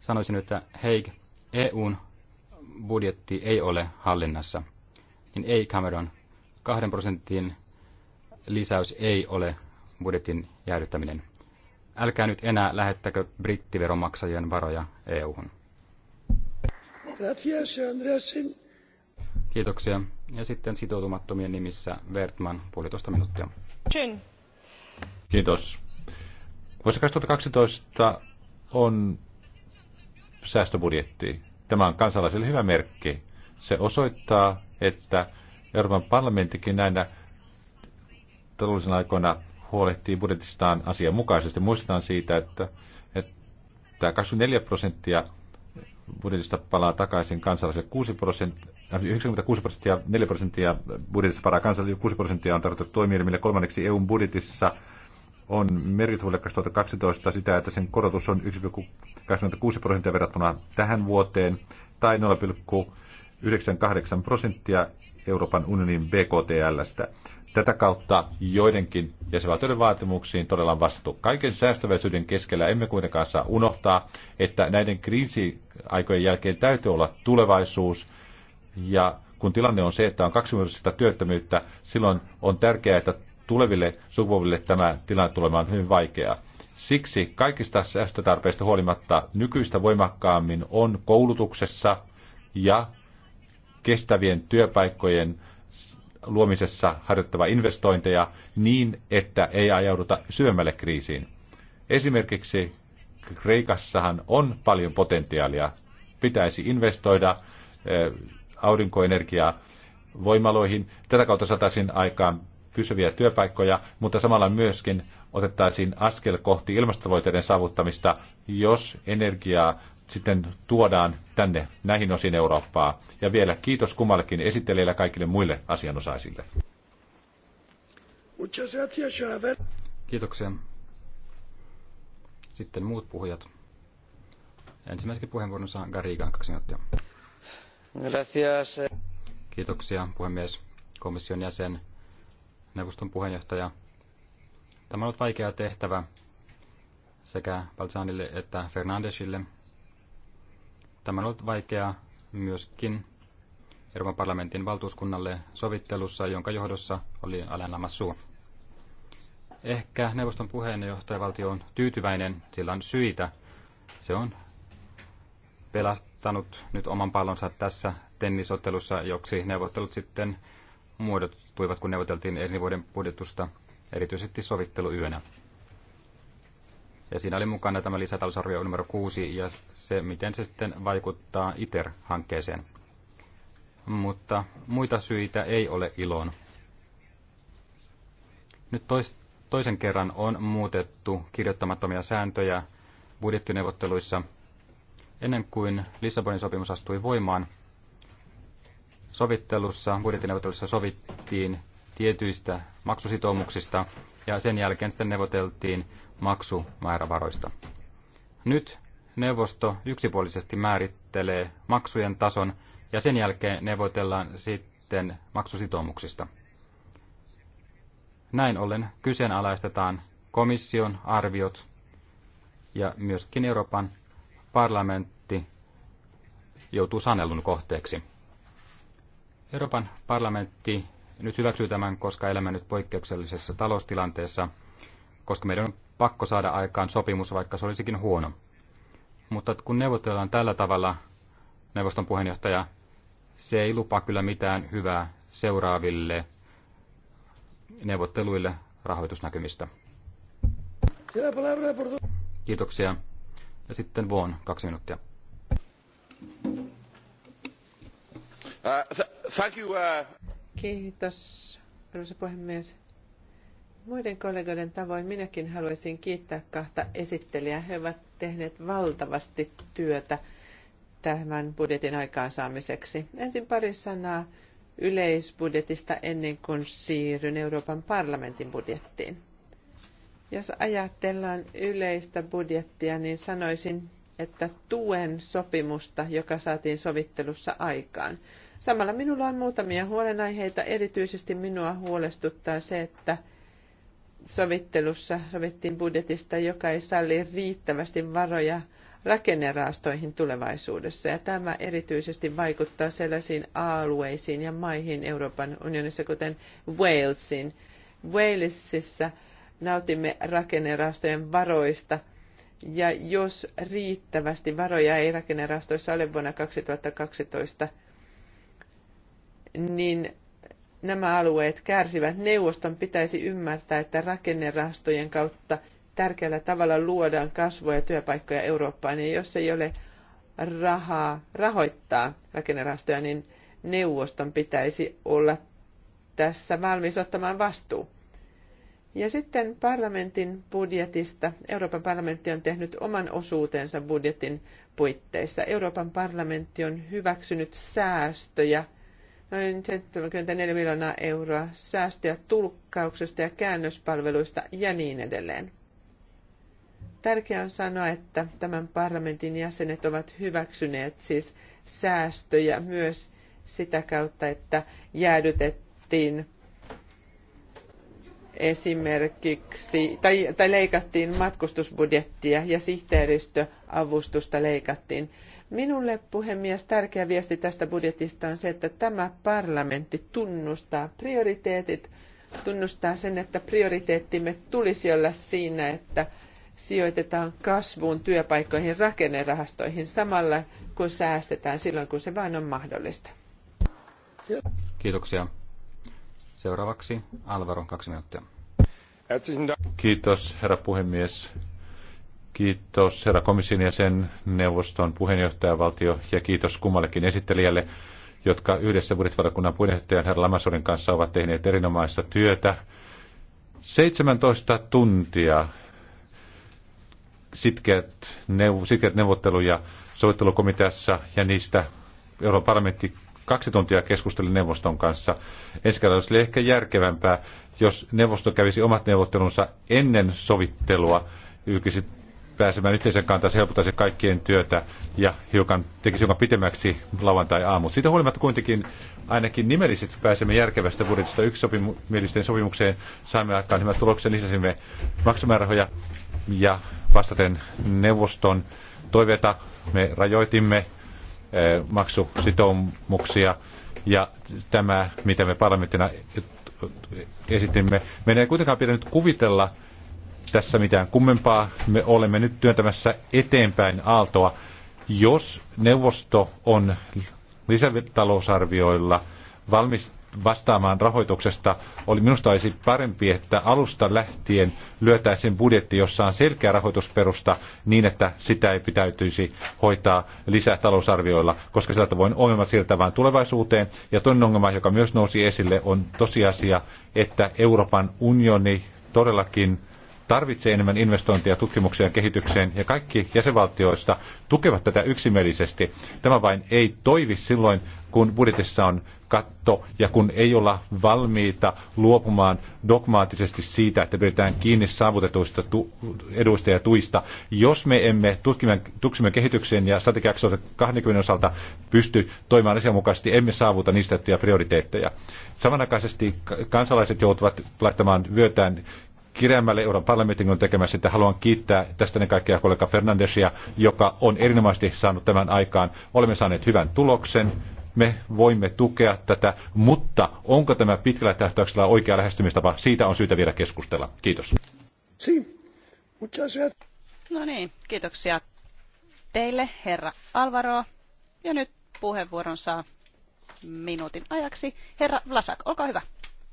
sanoisin, että hei, EUn budjetti ei ole hallinnassa, niin ei Cameron. Kahden prosentin lisäys ei ole budjetin jäädyttäminen. Älkää nyt enää lähettäkö brittiveronmaksajien varoja EU-hun. Kiitoksia. Ja sitten sitoutumattomien nimissä Vertman puolitoista minuuttia. Kiitos. Vuosi 2012 on säästöbudjetti. Tämä on kansalaisille hyvä merkki. Se osoittaa, että Euroopan parlamenttikin näinä taloudellisena aikoina huolehtii budjetistaan asianmukaisesti. Muistetaan siitä, että, että 24 prosenttia budjetista palaa takaisin kansalaisille 6 äh, prosenttia, 96 prosenttia, 4 prosenttia budjetista palaa kansalaisille, 6 prosenttia on tarkoitettu toimielimille, kolmanneksi EUn budjetissa – on merkittävälle 2012 sitä, että sen korotus on 1,26 prosenttia verrattuna tähän vuoteen tai 0,98 prosenttia Euroopan unionin BKTLstä. Tätä kautta joidenkin jäsenvaltioiden vaatimuksiin todella on vastattu. Kaiken säästöväisyyden keskellä emme kuitenkaan saa unohtaa, että näiden kriisiaikojen jälkeen täytyy olla tulevaisuus ja kun tilanne on se, että on kaksivuotista työttömyyttä, silloin on tärkeää, että tuleville sukupolville tämä tilanne tulemaan hyvin vaikea. Siksi kaikista säästötarpeista huolimatta nykyistä voimakkaammin on koulutuksessa ja kestävien työpaikkojen luomisessa harjoittava investointeja niin, että ei ajauduta syömälle kriisiin. Esimerkiksi Kreikassahan on paljon potentiaalia. Pitäisi investoida eh, aurinkoenergiaa voimaloihin. Tätä kautta saataisiin aikaan pysyviä työpaikkoja, mutta samalla myöskin otettaisiin askel kohti ilmastotavoitteiden saavuttamista, jos energiaa sitten tuodaan tänne näihin osiin Eurooppaa. Ja vielä kiitos kummallekin esittelijälle ja kaikille muille asianosaisille. Kiitoksia. Sitten muut puhujat. Ensimmäisenkin puheenvuoron saa Garigaan kaksi minuuttia. Gracias. Kiitoksia puhemies, komission jäsen, neuvoston puheenjohtaja. Tämä on ollut vaikea tehtävä sekä Balzanille että Fernandesille. Tämä on ollut vaikea myöskin Euroopan parlamentin valtuuskunnalle sovittelussa, jonka johdossa oli Alain Lamassu. Ehkä neuvoston puheenjohtajavaltio on tyytyväinen, sillä on syitä. Se on pelastanut nyt oman pallonsa tässä tennisottelussa, joksi neuvottelut sitten muodottuivat, kun neuvoteltiin ensi vuoden budjetusta, erityisesti sovitteluyönä. Ja siinä oli mukana tämä lisätalousarvio numero 6 ja se, miten se sitten vaikuttaa ITER-hankkeeseen. Mutta muita syitä ei ole iloon. Nyt tois, toisen kerran on muutettu kirjoittamattomia sääntöjä budjettineuvotteluissa ennen kuin Lissabonin sopimus astui voimaan – sovittelussa, budjettineuvottelussa sovittiin tietyistä maksusitoumuksista ja sen jälkeen sitten neuvoteltiin maksumäärävaroista. Nyt neuvosto yksipuolisesti määrittelee maksujen tason ja sen jälkeen neuvotellaan sitten maksusitoumuksista. Näin ollen kyseenalaistetaan komission arviot ja myöskin Euroopan parlamentti joutuu sanelun kohteeksi. Euroopan parlamentti nyt hyväksyy tämän, koska elämme nyt poikkeuksellisessa taloustilanteessa, koska meidän on pakko saada aikaan sopimus, vaikka se olisikin huono. Mutta kun neuvotellaan tällä tavalla, neuvoston puheenjohtaja, se ei lupaa kyllä mitään hyvää seuraaville neuvotteluille rahoitusnäkymistä. Kiitoksia. Ja sitten Vuon kaksi minuuttia. Uh, uh, Kiitos, arvoisa puhemies. Muiden kollegoiden tavoin minäkin haluaisin kiittää kahta esittelijää. He ovat tehneet valtavasti työtä tämän budjetin aikaansaamiseksi. Ensin pari sanaa yleisbudjetista ennen kuin siirryn Euroopan parlamentin budjettiin. Jos ajatellaan yleistä budjettia, niin sanoisin että tuen sopimusta, joka saatiin sovittelussa aikaan. Samalla minulla on muutamia huolenaiheita. Erityisesti minua huolestuttaa se, että sovittelussa sovittiin budjetista, joka ei salli riittävästi varoja rakenneraastoihin tulevaisuudessa. Ja tämä erityisesti vaikuttaa sellaisiin alueisiin ja maihin Euroopan unionissa, kuten Walesin. Walesissa nautimme rakennerastojen varoista – ja jos riittävästi varoja ei rakennerastoissa ole vuonna 2012, niin nämä alueet kärsivät. Neuvoston pitäisi ymmärtää, että rakennerastojen kautta tärkeällä tavalla luodaan kasvua ja työpaikkoja Eurooppaan. Ja jos ei ole rahaa rahoittaa rakennerahastoja, niin neuvoston pitäisi olla tässä valmis ottamaan vastuu. Ja sitten parlamentin budjetista. Euroopan parlamentti on tehnyt oman osuutensa budjetin puitteissa. Euroopan parlamentti on hyväksynyt säästöjä, noin 74 miljoonaa euroa, säästöjä tulkkauksesta ja käännöspalveluista ja niin edelleen. Tärkeää on sanoa, että tämän parlamentin jäsenet ovat hyväksyneet siis säästöjä myös sitä kautta, että jäädytettiin esimerkiksi, tai, tai leikattiin matkustusbudjettia ja sihteeristöavustusta leikattiin. Minulle, puhemies, tärkeä viesti tästä budjetista on se, että tämä parlamentti tunnustaa prioriteetit, tunnustaa sen, että prioriteettimme tulisi olla siinä, että sijoitetaan kasvuun, työpaikkoihin, rakennerahastoihin samalla, kun säästetään silloin, kun se vain on mahdollista. Kiitoksia. Seuraavaksi Alvaro, kaksi minuuttia. Kiitos, herra puhemies. Kiitos herra komission ja sen neuvoston puheenjohtajavaltio ja kiitos kummallekin esittelijälle, jotka yhdessä budjettivaliokunnan puheenjohtajan herra Lamasorin kanssa ovat tehneet erinomaista työtä. 17 tuntia sitkeät, neuv- sitkeät neuvotteluja sovittelukomiteassa ja niistä Euroopan parlamentti kaksi tuntia keskustelin neuvoston kanssa. Ensi kerralla olisi ehkä järkevämpää, jos neuvosto kävisi omat neuvottelunsa ennen sovittelua, ykisi pääsemään yhteisen kantaa, se helpottaisi kaikkien työtä ja hiukan, tekisi hiukan pitemmäksi lauantai-aamu. Siitä huolimatta kuitenkin ainakin nimellisesti pääsemme järkevästä budjetista yksimielisten sopimukseen, saimme aikaan hyvät tulokset, lisäsimme maksumäärärahoja ja vastaten neuvoston toiveita me rajoitimme Eh, maksusitoumuksia. Ja tämä, mitä me parlamenttina esitimme, meidän ei kuitenkaan pidä nyt kuvitella tässä mitään kummempaa. Me olemme nyt työntämässä eteenpäin aaltoa. Jos neuvosto on lisätalousarvioilla valmis vastaamaan rahoituksesta, oli minusta olisi parempi, että alusta lähtien lyötäisiin budjetti, jossa on selkeä rahoitusperusta niin, että sitä ei pitäytyisi hoitaa lisää talousarvioilla, koska sillä tavoin ongelma siirtää vain tulevaisuuteen. Ja toinen ongelma, joka myös nousi esille, on tosiasia, että Euroopan unioni todellakin tarvitsee enemmän investointeja tutkimukseen ja kehitykseen, ja kaikki jäsenvaltioista tukevat tätä yksimielisesti. Tämä vain ei toivi silloin, kun budjetissa on katto, ja kun ei olla valmiita luopumaan dogmaattisesti siitä, että pidetään kiinni saavutetuista eduista ja tuista, jos me emme tutkimme kehityksen ja strategiaksi 20 osalta pysty toimimaan asianmukaisesti, emme saavuta niistä prioriteetteja. Samanaikaisesti kansalaiset joutuvat laittamaan vyötään kirjaimmälle Euroopan parlamentin on tekemässä että Haluan kiittää tästä ennen kaikkea kollega Fernandesia, joka on erinomaisesti saanut tämän aikaan. Olemme saaneet hyvän tuloksen me voimme tukea tätä, mutta onko tämä pitkällä tähtäyksellä oikea lähestymistapa? Siitä on syytä vielä keskustella. Kiitos. No niin, kiitoksia teille, herra Alvaro. Ja nyt puheenvuoron saa minuutin ajaksi herra Vlasak. Olkaa hyvä.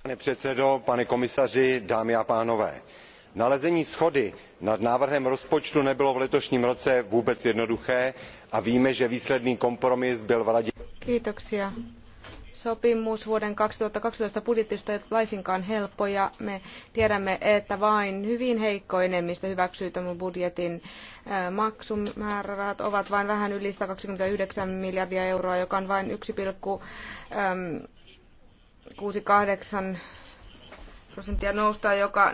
Pane předsedo, pane komisaři, dámy a pánové nalezení shody nad návrhem rozpočtu nebylo v letošním roce vůbec jednoduché a víme že výsledný kompromis byl v radě. Kiitoksia. Sopimus vuoden 2012 budjetista ei laisinkaan helppo ja me tiedämme, että vain hyvin heikko enemmistö hyväksyy tämän budjetin. Maksumäärärahat ovat vain vähän yli 129 miljardia euroa, joka on vain 1,68 prosenttia nousta, joka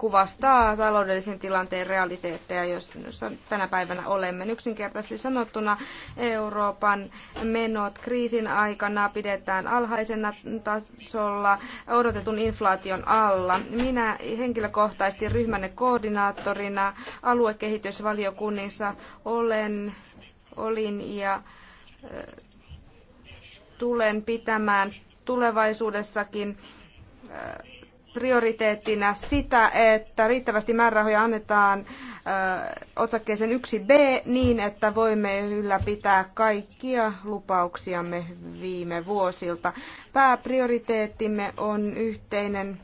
kuvastaa taloudellisen tilanteen realiteetteja, joissa tänä päivänä olemme. Yksinkertaisesti sanottuna Euroopan menot kriisin aikana pidetään alhaisena tasolla odotetun inflaation alla. Minä henkilökohtaisesti ryhmänne koordinaattorina aluekehitysvaliokunnissa olen, olin ja eh, tulen pitämään tulevaisuudessakin eh, prioriteettina sitä, että riittävästi määrärahoja annetaan otsakkeeseen 1b niin, että voimme ylläpitää kaikkia lupauksiamme viime vuosilta. Pääprioriteettimme on yhteinen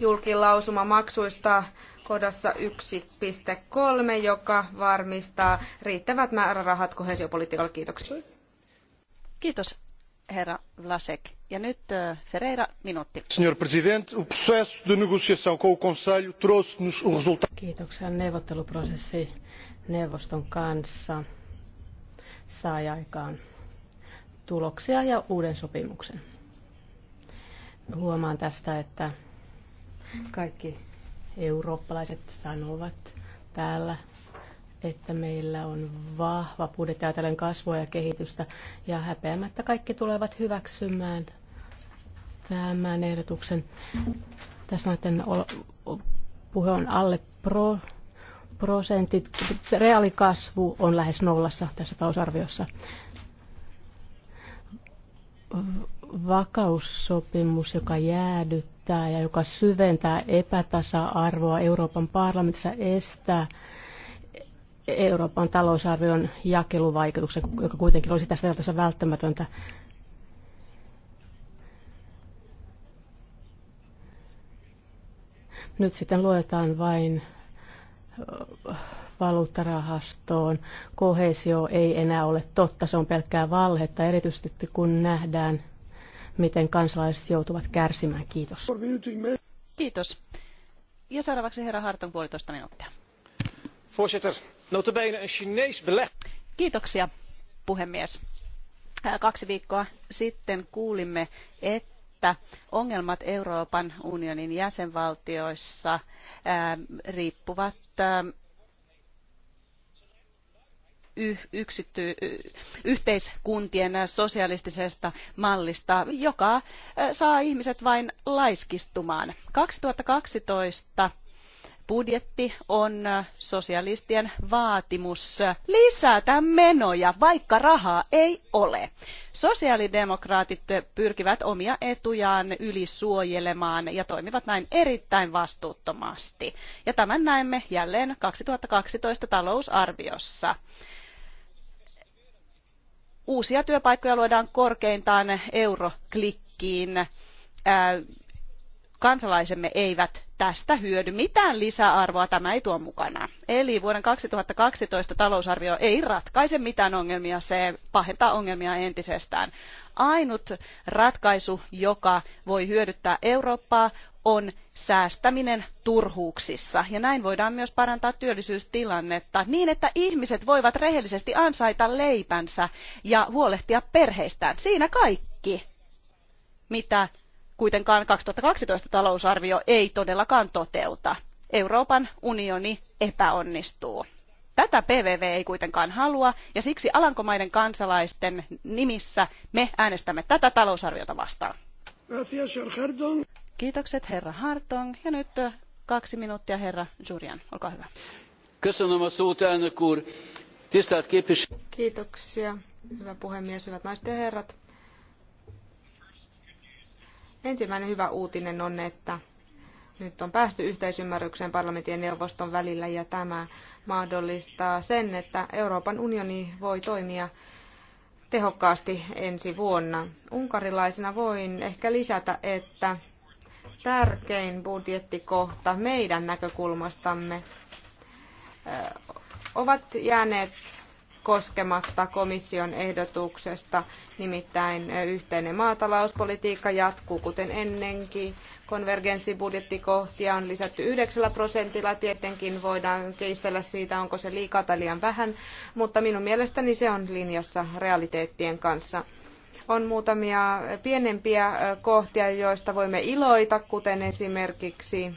julkilausuma maksuista kodassa 1.3, joka varmistaa riittävät määrärahat kohesiopolitiikalle. Kiitoksia. Kiitos herra Vlasek. Ja nyt Ferreira, minuutti. Signor Presidente, o processo de trouxe-nos resultado. Kiitoksia neuvotteluprosessi neuvoston kanssa sai aikaan tuloksia ja uuden sopimuksen. Huomaan tästä, että kaikki eurooppalaiset sanovat täällä että meillä on vahva budjetti ajatellen kasvua ja kehitystä, ja häpeämättä kaikki tulevat hyväksymään tämän ehdotuksen. Tässä näiden puhe on alle pro, prosentit. Reaalikasvu on lähes nollassa tässä talousarviossa. Vakaussopimus, joka jäädyttää ja joka syventää epätasa-arvoa Euroopan parlamentissa, estää Euroopan talousarvion jakeluvaikutuksen, joka kuitenkin olisi tässä vertaisessa välttämätöntä. Nyt sitten luetaan vain äh, valuuttarahastoon. Kohesio ei enää ole totta, se on pelkkää valhetta, erityisesti kun nähdään, miten kansalaiset joutuvat kärsimään. Kiitos. Kiitos. Ja seuraavaksi herra Harton puolitoista minuuttia. Voorzitter, notabene een Chinees Kiitoksia, puhemies. Kaksi viikkoa sitten kuulimme, että ongelmat Euroopan unionin jäsenvaltioissa riippuvat yksity, yhteiskuntien sosialistisesta mallista, joka saa ihmiset vain laiskistumaan. 2012 budjetti on sosialistien vaatimus lisätä menoja, vaikka rahaa ei ole. Sosiaalidemokraatit pyrkivät omia etujaan yli suojelemaan ja toimivat näin erittäin vastuuttomasti. Ja tämän näemme jälleen 2012 talousarviossa. Uusia työpaikkoja luodaan korkeintaan euroklikkiin kansalaisemme eivät tästä hyödy. Mitään lisäarvoa tämä ei tuo mukanaan. Eli vuoden 2012 talousarvio ei ratkaise mitään ongelmia, se pahentaa ongelmia entisestään. Ainut ratkaisu, joka voi hyödyttää Eurooppaa, on säästäminen turhuuksissa. Ja näin voidaan myös parantaa työllisyystilannetta niin, että ihmiset voivat rehellisesti ansaita leipänsä ja huolehtia perheistään. Siinä kaikki, mitä kuitenkaan 2012 talousarvio ei todellakaan toteuta. Euroopan unioni epäonnistuu. Tätä PVV ei kuitenkaan halua ja siksi Alankomaiden kansalaisten nimissä me äänestämme tätä talousarviota vastaan. Kiitokset herra Hartong ja nyt kaksi minuuttia herra Jurian. Olkaa hyvä. Kiitoksia, hyvä puhemies, hyvät naiset ja herrat. Ensimmäinen hyvä uutinen on, että nyt on päästy yhteisymmärrykseen parlamentin ja neuvoston välillä ja tämä mahdollistaa sen, että Euroopan unioni voi toimia tehokkaasti ensi vuonna. Unkarilaisena voin ehkä lisätä, että tärkein budjettikohta meidän näkökulmastamme ovat jääneet koskematta komission ehdotuksesta, nimittäin yhteinen maatalouspolitiikka jatkuu kuten ennenkin. Konvergenssibudjettikohtia on lisätty 9 prosentilla. Tietenkin voidaan kiistellä siitä, onko se liikaa tai liian vähän, mutta minun mielestäni se on linjassa realiteettien kanssa on muutamia pienempiä kohtia, joista voimme iloita, kuten esimerkiksi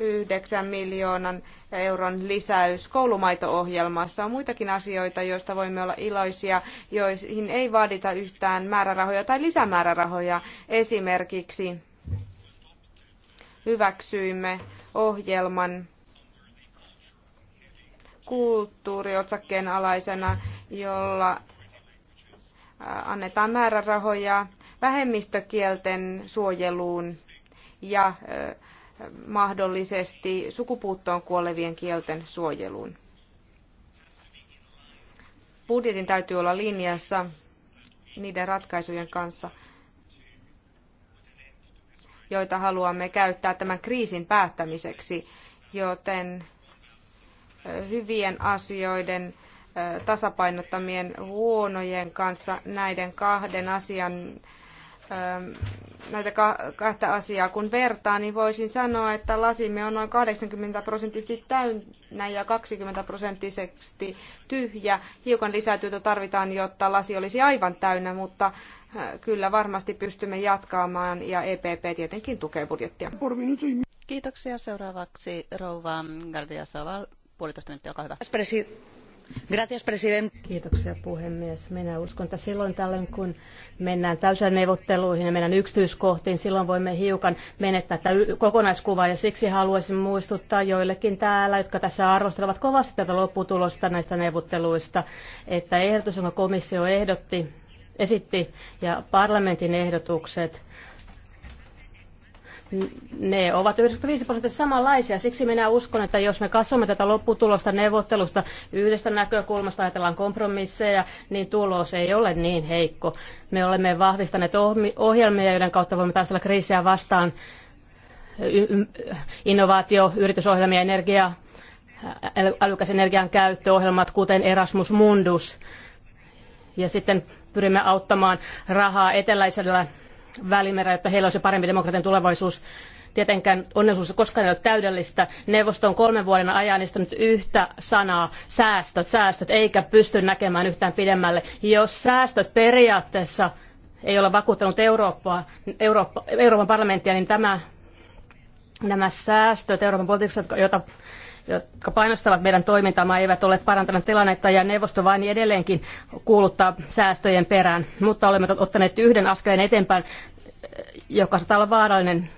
9 miljoonan euron lisäys koulumaito-ohjelmassa. On muitakin asioita, joista voimme olla iloisia, joihin ei vaadita yhtään määrärahoja tai lisämäärärahoja. Esimerkiksi hyväksyimme ohjelman kulttuuriotsakkeen alaisena, jolla äh, annetaan määrärahoja vähemmistökielten suojeluun ja äh, mahdollisesti sukupuuttoon kuolevien kielten suojeluun. Budjetin täytyy olla linjassa niiden ratkaisujen kanssa, joita haluamme käyttää tämän kriisin päättämiseksi, joten hyvien asioiden tasapainottamien huonojen kanssa näiden kahden asian näitä kahta asiaa kun vertaa, niin voisin sanoa, että lasimme on noin 80 prosenttisesti täynnä ja 20 prosenttisesti tyhjä. Hiukan lisätyötä tarvitaan, jotta lasi olisi aivan täynnä, mutta äh, kyllä varmasti pystymme jatkamaan ja EPP tietenkin tukee budjettia. Kiitoksia. Seuraavaksi rouva Gardia Saval, puolitoista minuuttia, olkaa hyvä. Kiitoksia puhemies. Minä uskon, että silloin tällöin kun mennään täysin neuvotteluihin ja mennään yksityiskohtiin, silloin voimme hiukan menettää tätä kokonaiskuvaa. Ja siksi haluaisin muistuttaa joillekin täällä, jotka tässä arvostelevat kovasti tätä lopputulosta näistä neuvotteluista, että ehdotus, jonka komissio ehdotti, esitti ja parlamentin ehdotukset ne ovat 95 prosenttia samanlaisia. Siksi minä uskon, että jos me katsomme tätä lopputulosta neuvottelusta yhdestä näkökulmasta, ajatellaan kompromisseja, niin tulos ei ole niin heikko. Me olemme vahvistaneet ohjelmia, joiden kautta voimme taistella kriisiä vastaan, innovaatio, yritysohjelmia, energia, älykäs energian käyttöohjelmat, kuten Erasmus Mundus. Ja sitten pyrimme auttamaan rahaa eteläisellä välimerä, että heillä olisi parempi demokratian tulevaisuus. Tietenkään onnellisuus koskaan ole täydellistä. Neuvosto on kolmen vuoden ajan istunut yhtä sanaa, säästöt, säästöt, eikä pysty näkemään yhtään pidemmälle. Jos säästöt periaatteessa ei ole vakuuttanut Eurooppaa, Eurooppa, Euroopan parlamenttia, niin tämä, nämä säästöt Euroopan politiikassa, joita jotka painostavat meidän toimintaamme, eivät ole parantaneet tilannetta ja neuvosto vain edelleenkin kuuluttaa säästöjen perään. Mutta olemme ottaneet yhden askeleen eteenpäin, joka saattaa olla vaarallinen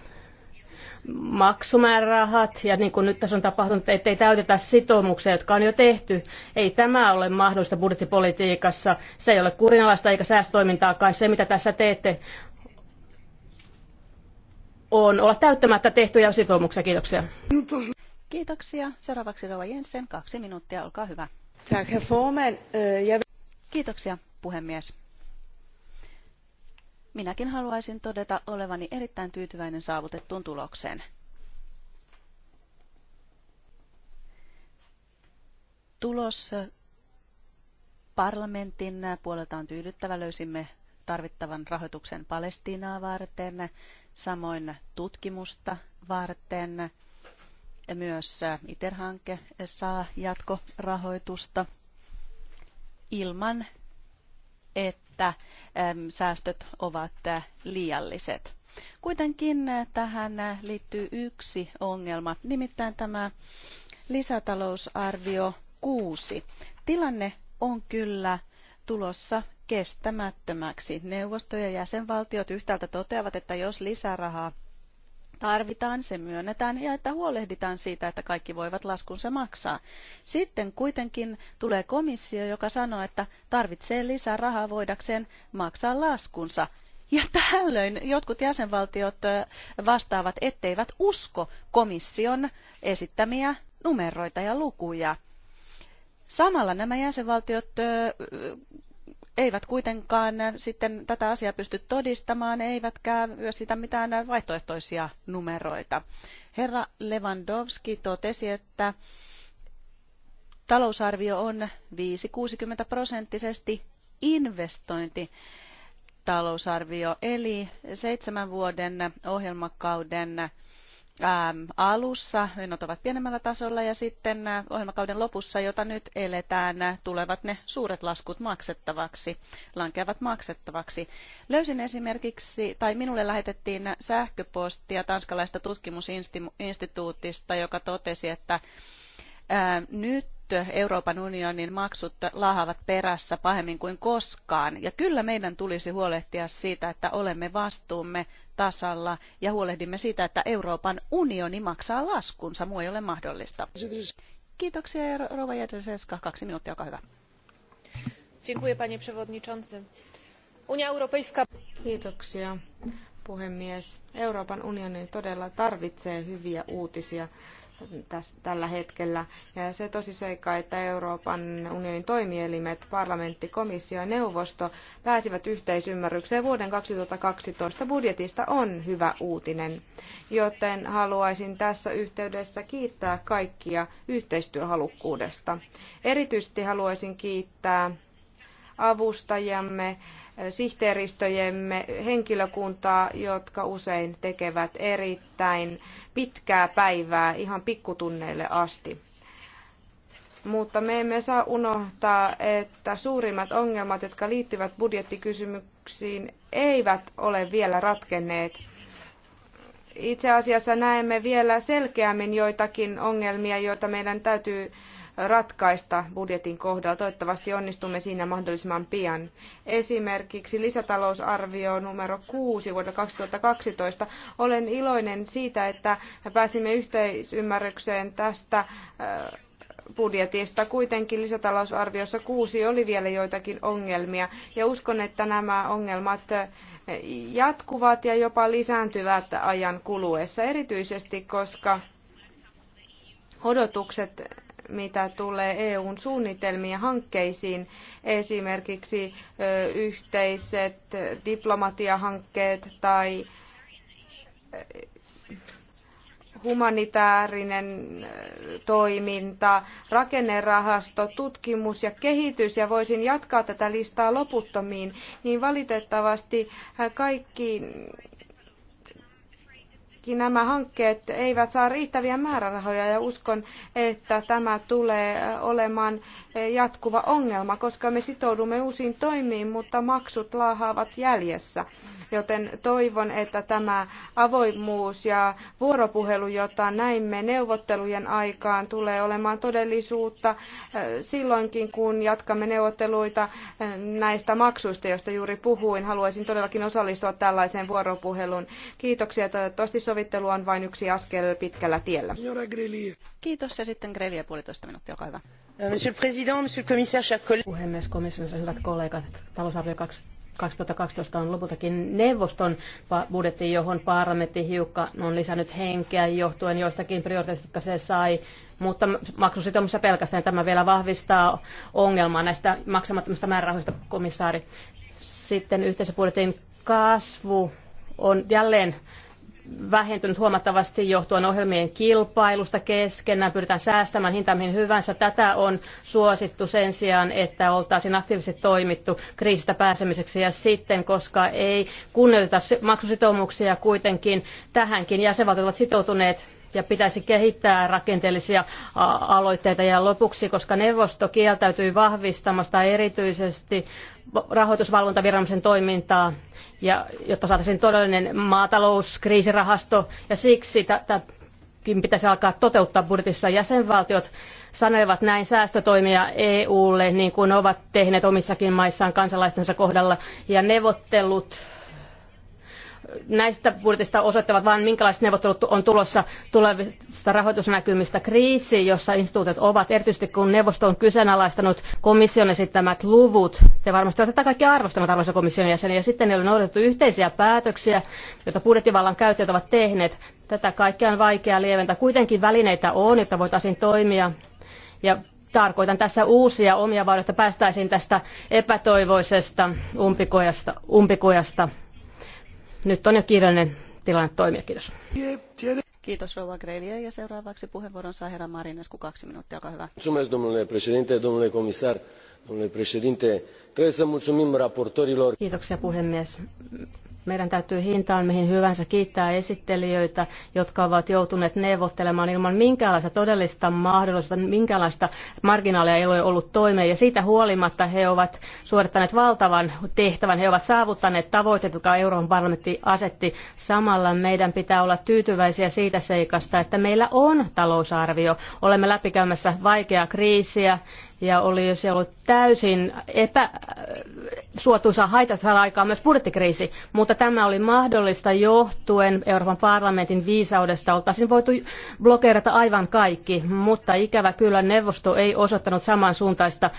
maksumäärärahat ja niin kuin nyt tässä on tapahtunut, ettei täytetä sitoumuksia, jotka on jo tehty. Ei tämä ole mahdollista budjettipolitiikassa. Se ei ole kurinalaista eikä kai Se, mitä tässä teette, on olla täyttämättä tehtyjä sitoumuksia. Kiitoksia. Kiitoksia. Seuraavaksi Rova Jensen, kaksi minuuttia, olkaa hyvä. Tack, herr Forman. Øh, Kiitoksia, puhemies. Minäkin haluaisin todeta olevani erittäin tyytyväinen saavutettuun tulokseen. Tulos parlamentin puolelta on tyydyttävä. Löysimme tarvittavan rahoituksen Palestiinaa varten, samoin tutkimusta varten, myös ITER-hanke saa jatkorahoitusta ilman, että säästöt ovat liialliset. Kuitenkin tähän liittyy yksi ongelma, nimittäin tämä lisätalousarvio 6. Tilanne on kyllä tulossa kestämättömäksi. Neuvosto ja jäsenvaltiot yhtäältä toteavat, että jos lisärahaa tarvitaan, se myönnetään ja että huolehditaan siitä, että kaikki voivat laskunsa maksaa. Sitten kuitenkin tulee komissio, joka sanoo, että tarvitsee lisää rahaa voidakseen maksaa laskunsa. Ja tällöin jotkut jäsenvaltiot vastaavat, etteivät usko komission esittämiä numeroita ja lukuja. Samalla nämä jäsenvaltiot eivät kuitenkaan sitten tätä asiaa pysty todistamaan, eivätkä sitä mitään vaihtoehtoisia numeroita. Herra Lewandowski totesi, että talousarvio on 5-60 prosenttisesti investointi talousarvio, eli seitsemän vuoden ohjelmakauden Ähm, alussa, hinnat ovat pienemmällä tasolla ja sitten äh, ohjelmakauden lopussa, jota nyt eletään, äh, tulevat ne suuret laskut maksettavaksi, lankeavat maksettavaksi. Löysin esimerkiksi, tai minulle lähetettiin sähköpostia tanskalaista tutkimusinstituutista, joka totesi, että äh, nyt Euroopan unionin maksut lahavat perässä pahemmin kuin koskaan. Ja kyllä meidän tulisi huolehtia siitä, että olemme vastuumme tasalla ja huolehdimme siitä, että Euroopan unioni maksaa laskunsa. Muu ei ole mahdollista. Kiitoksia Rova Jäteseska. Kaksi minuuttia, olkaa hyvä. Dziękuję, panie przewodniczący. Unia Europejska... Kiitoksia, puhemies. Euroopan unioni todella tarvitsee hyviä uutisia tällä hetkellä. Ja se tosiseikka, että Euroopan unionin toimielimet, parlamentti, komissio ja neuvosto pääsivät yhteisymmärrykseen vuoden 2012 budjetista on hyvä uutinen. Joten haluaisin tässä yhteydessä kiittää kaikkia yhteistyöhalukkuudesta. Erityisesti haluaisin kiittää avustajamme, sihteeristöjemme henkilökuntaa, jotka usein tekevät erittäin pitkää päivää ihan pikkutunneille asti. Mutta me emme saa unohtaa, että suurimmat ongelmat, jotka liittyvät budjettikysymyksiin, eivät ole vielä ratkenneet. Itse asiassa näemme vielä selkeämmin joitakin ongelmia, joita meidän täytyy ratkaista budjetin kohdalla. Toivottavasti onnistumme siinä mahdollisimman pian. Esimerkiksi lisätalousarvio numero 6 vuodelta 2012. Olen iloinen siitä, että pääsimme yhteisymmärrykseen tästä äh, budjetista. Kuitenkin lisätalousarviossa kuusi oli vielä joitakin ongelmia ja uskon, että nämä ongelmat äh, jatkuvat ja jopa lisääntyvät ajan kuluessa, erityisesti koska odotukset mitä tulee EUn suunnitelmiin ja hankkeisiin, esimerkiksi yhteiset diplomatiahankkeet tai humanitaarinen toiminta, rakennerahasto, tutkimus ja kehitys, ja voisin jatkaa tätä listaa loputtomiin, niin valitettavasti kaikki kaikki nämä hankkeet eivät saa riittäviä määrärahoja ja uskon, että tämä tulee olemaan jatkuva ongelma, koska me sitoudumme uusiin toimiin, mutta maksut laahaavat jäljessä joten toivon, että tämä avoimuus ja vuoropuhelu, jota näimme neuvottelujen aikaan, tulee olemaan todellisuutta äh, silloinkin, kun jatkamme neuvotteluita äh, näistä maksuista, joista juuri puhuin. Haluaisin todellakin osallistua tällaiseen vuoropuheluun. Kiitoksia. Toivottavasti sovittelu on vain yksi askel pitkällä tiellä. Kiitos ja sitten Greliä puolitoista minuuttia, olkaa hyvä. Monsieur le Président, Monsieur le Commissaire, chers collègues. Puhemies, komission hyvät kollegat, talousarvio 2000 2012 on lopultakin neuvoston budjetti, johon parlamentti hiukka on lisännyt henkeä johtuen joistakin prioriteeteista, jotka se sai. Mutta maksusitoumussa pelkästään tämä vielä vahvistaa ongelmaa näistä maksamattomista määrärahoista, komissaari. Sitten yhteisöbudjetin kasvu on jälleen vähentynyt huomattavasti johtuen ohjelmien kilpailusta keskenään, pyritään säästämään hinta mihin hyvänsä. Tätä on suosittu sen sijaan, että oltaisiin aktiivisesti toimittu kriisistä pääsemiseksi ja sitten, koska ei kunnioiteta maksusitoumuksia kuitenkin tähänkin jäsenvaltiot ovat sitoutuneet ja pitäisi kehittää rakenteellisia aloitteita. Ja lopuksi, koska neuvosto kieltäytyi vahvistamasta erityisesti rahoitusvalvontaviranomaisen toimintaa, ja, jotta saataisiin todellinen maatalouskriisirahasto, ja siksi tätäkin pitäisi alkaa toteuttaa budjetissa. Jäsenvaltiot sanelevat näin säästötoimia EUlle, niin kuin ovat tehneet omissakin maissaan kansalaistensa kohdalla, ja neuvottelut näistä budjetista osoittavat vain, minkälaiset neuvottelut on tulossa tulevista rahoitusnäkymistä. Kriisi, jossa instituutit ovat, erityisesti kun neuvosto on kyseenalaistanut komission esittämät luvut. Te varmasti olette tätä kaikkea arvostanut, arvoisa komission jäsen, ja sitten ei ole noudatettu yhteisiä päätöksiä, joita budjettivallan käyttäjät ovat tehneet. Tätä kaikkea on vaikea lieventää. Kuitenkin välineitä on, jotta voitaisiin toimia. Ja tarkoitan tässä uusia omia varoja, että päästäisiin tästä epätoivoisesta umpikujasta. umpikujasta nyt on jo kiireellinen tilanne toimia. Kiitos. Kiitos Rouva Grelia ja seuraavaksi puheenvuoron saa herra Marinescu kaksi minuuttia, olkaa hyvä. Mulțumesc domnule președinte, domnule comisar, domnule președinte. Trebuie să mulțumim raportorilor. Kiitoksia puhemies. Meidän täytyy hintaan mihin hyvänsä kiittää esittelijöitä, jotka ovat joutuneet neuvottelemaan ilman minkäänlaista todellista mahdollisuutta, minkäänlaista marginaalia ei ole ollut toimeen. Ja siitä huolimatta he ovat suorittaneet valtavan tehtävän. He ovat saavuttaneet tavoitteet, jotka Euroopan parlamentti asetti. Samalla meidän pitää olla tyytyväisiä siitä seikasta, että meillä on talousarvio. Olemme läpikäymässä vaikeaa kriisiä ja oli se ollut täysin epäsuotuisa haitat saada aikaan myös budjettikriisi, mutta tämä oli mahdollista johtuen Euroopan parlamentin viisaudesta. Oltaisiin voitu blokeerata aivan kaikki, mutta ikävä kyllä neuvosto ei osoittanut samansuuntaista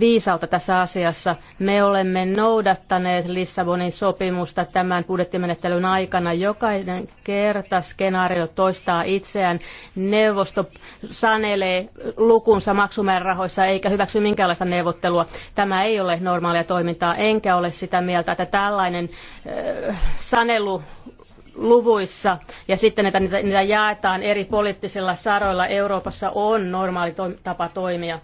viisautta tässä asiassa. Me olemme noudattaneet Lissabonin sopimusta tämän budjettimenettelyn aikana. Jokainen kerta skenaario toistaa itseään. Neuvosto sanelee lukunsa maksumäärärahoissa neuvostossa eikä hyväksy minkäänlaista neuvottelua. Tämä ei ole normaalia toimintaa, enkä ole sitä mieltä, että tällainen äh, sanelu luvuissa ja sitten, että niitä, niitä jaetaan eri poliittisilla saroilla Euroopassa on normaali to tapa toimia.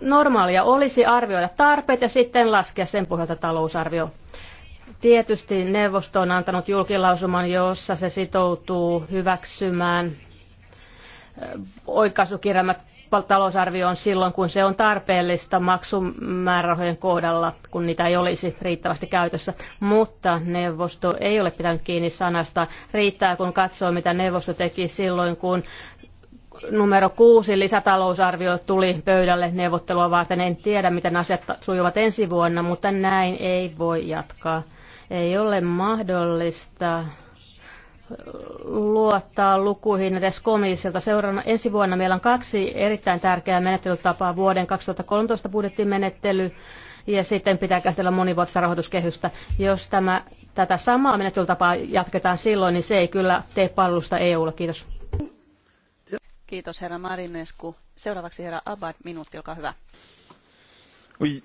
Normaalia olisi arvioida tarpeet ja sitten laskea sen pohjalta talousarvio. Tietysti neuvosto on antanut julkilausuman, jossa se sitoutuu hyväksymään äh, oikaisukirjelmät talousarvioon silloin, kun se on tarpeellista maksumäärärahojen kohdalla, kun niitä ei olisi riittävästi käytössä. Mutta neuvosto ei ole pitänyt kiinni sanasta. Riittää, kun katsoo, mitä neuvosto teki silloin, kun numero kuusi lisätalousarvio tuli pöydälle neuvottelua varten. En tiedä, miten asiat sujuvat ensi vuonna, mutta näin ei voi jatkaa. Ei ole mahdollista luottaa lukuihin edes komissiolta. Seuraavana ensi vuonna meillä on kaksi erittäin tärkeää menettelytapaa. Vuoden 2013 budjettimenettely ja sitten pitää käsitellä monivuotista rahoituskehystä. Jos tämä, tätä samaa menettelytapaa jatketaan silloin, niin se ei kyllä tee palvelusta EUlla. Kiitos. Kiitos herra Marinescu. Seuraavaksi herra Abad, minuutti, olkaa hyvä. Oui.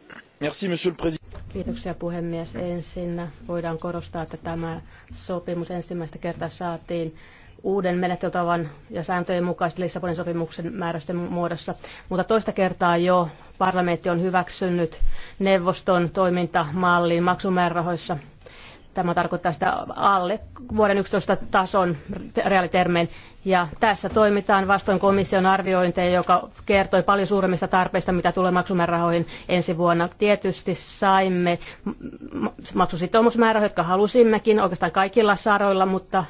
Kiitoksia puhemies. Ensin voidaan korostaa, että tämä sopimus ensimmäistä kertaa saatiin uuden menettelytavan ja sääntöjen mukaisesti Lissabonin sopimuksen määräysten muodossa. Mutta toista kertaa jo parlamentti on hyväksynyt neuvoston toimintamallin maksumäärärahoissa. Tämä tarkoittaa sitä alle vuoden 11 tason reaalitermein ja tässä toimitaan vastoin komission arviointeja, joka kertoi paljon suuremmista tarpeista, mitä tulee maksumäärärahoihin ensi vuonna. Tietysti saimme maksusitoumusmäärärahoja, jotka halusimmekin oikeastaan kaikilla saroilla, mutta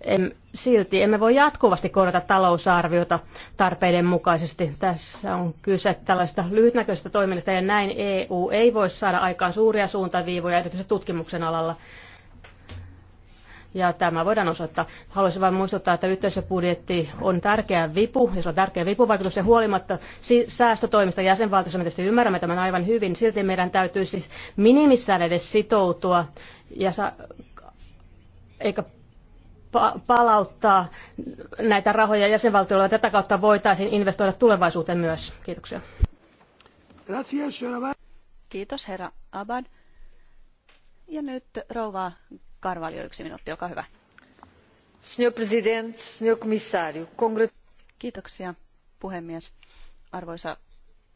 em, silti emme voi jatkuvasti korjata talousarviota tarpeiden mukaisesti. Tässä on kyse tällaista lyhytnäköisestä toiminnasta ja näin EU ei voi saada aikaan suuria suuntaviivoja erityisesti tutkimuksen alalla ja tämä voidaan osoittaa. Haluaisin vain muistuttaa, että yhteisöbudjetti on tärkeä vipu, ja se on tärkeä vipuvaikutus, ja huolimatta säästötoimista jäsenvaltiossa me tietysti ymmärrämme tämän aivan hyvin, silti meidän täytyy siis minimissään edes sitoutua, ja sa- eikä palauttaa näitä rahoja jäsenvaltioilla. Tätä kautta voitaisiin investoida tulevaisuuteen myös. Kiitoksia. Kiitos herra Abad. Ja nyt rouva Karvalio, yksi minuutti, olkaa hyvä. Signor President, signor Commissario, Kiitoksia, puhemies. Arvoisa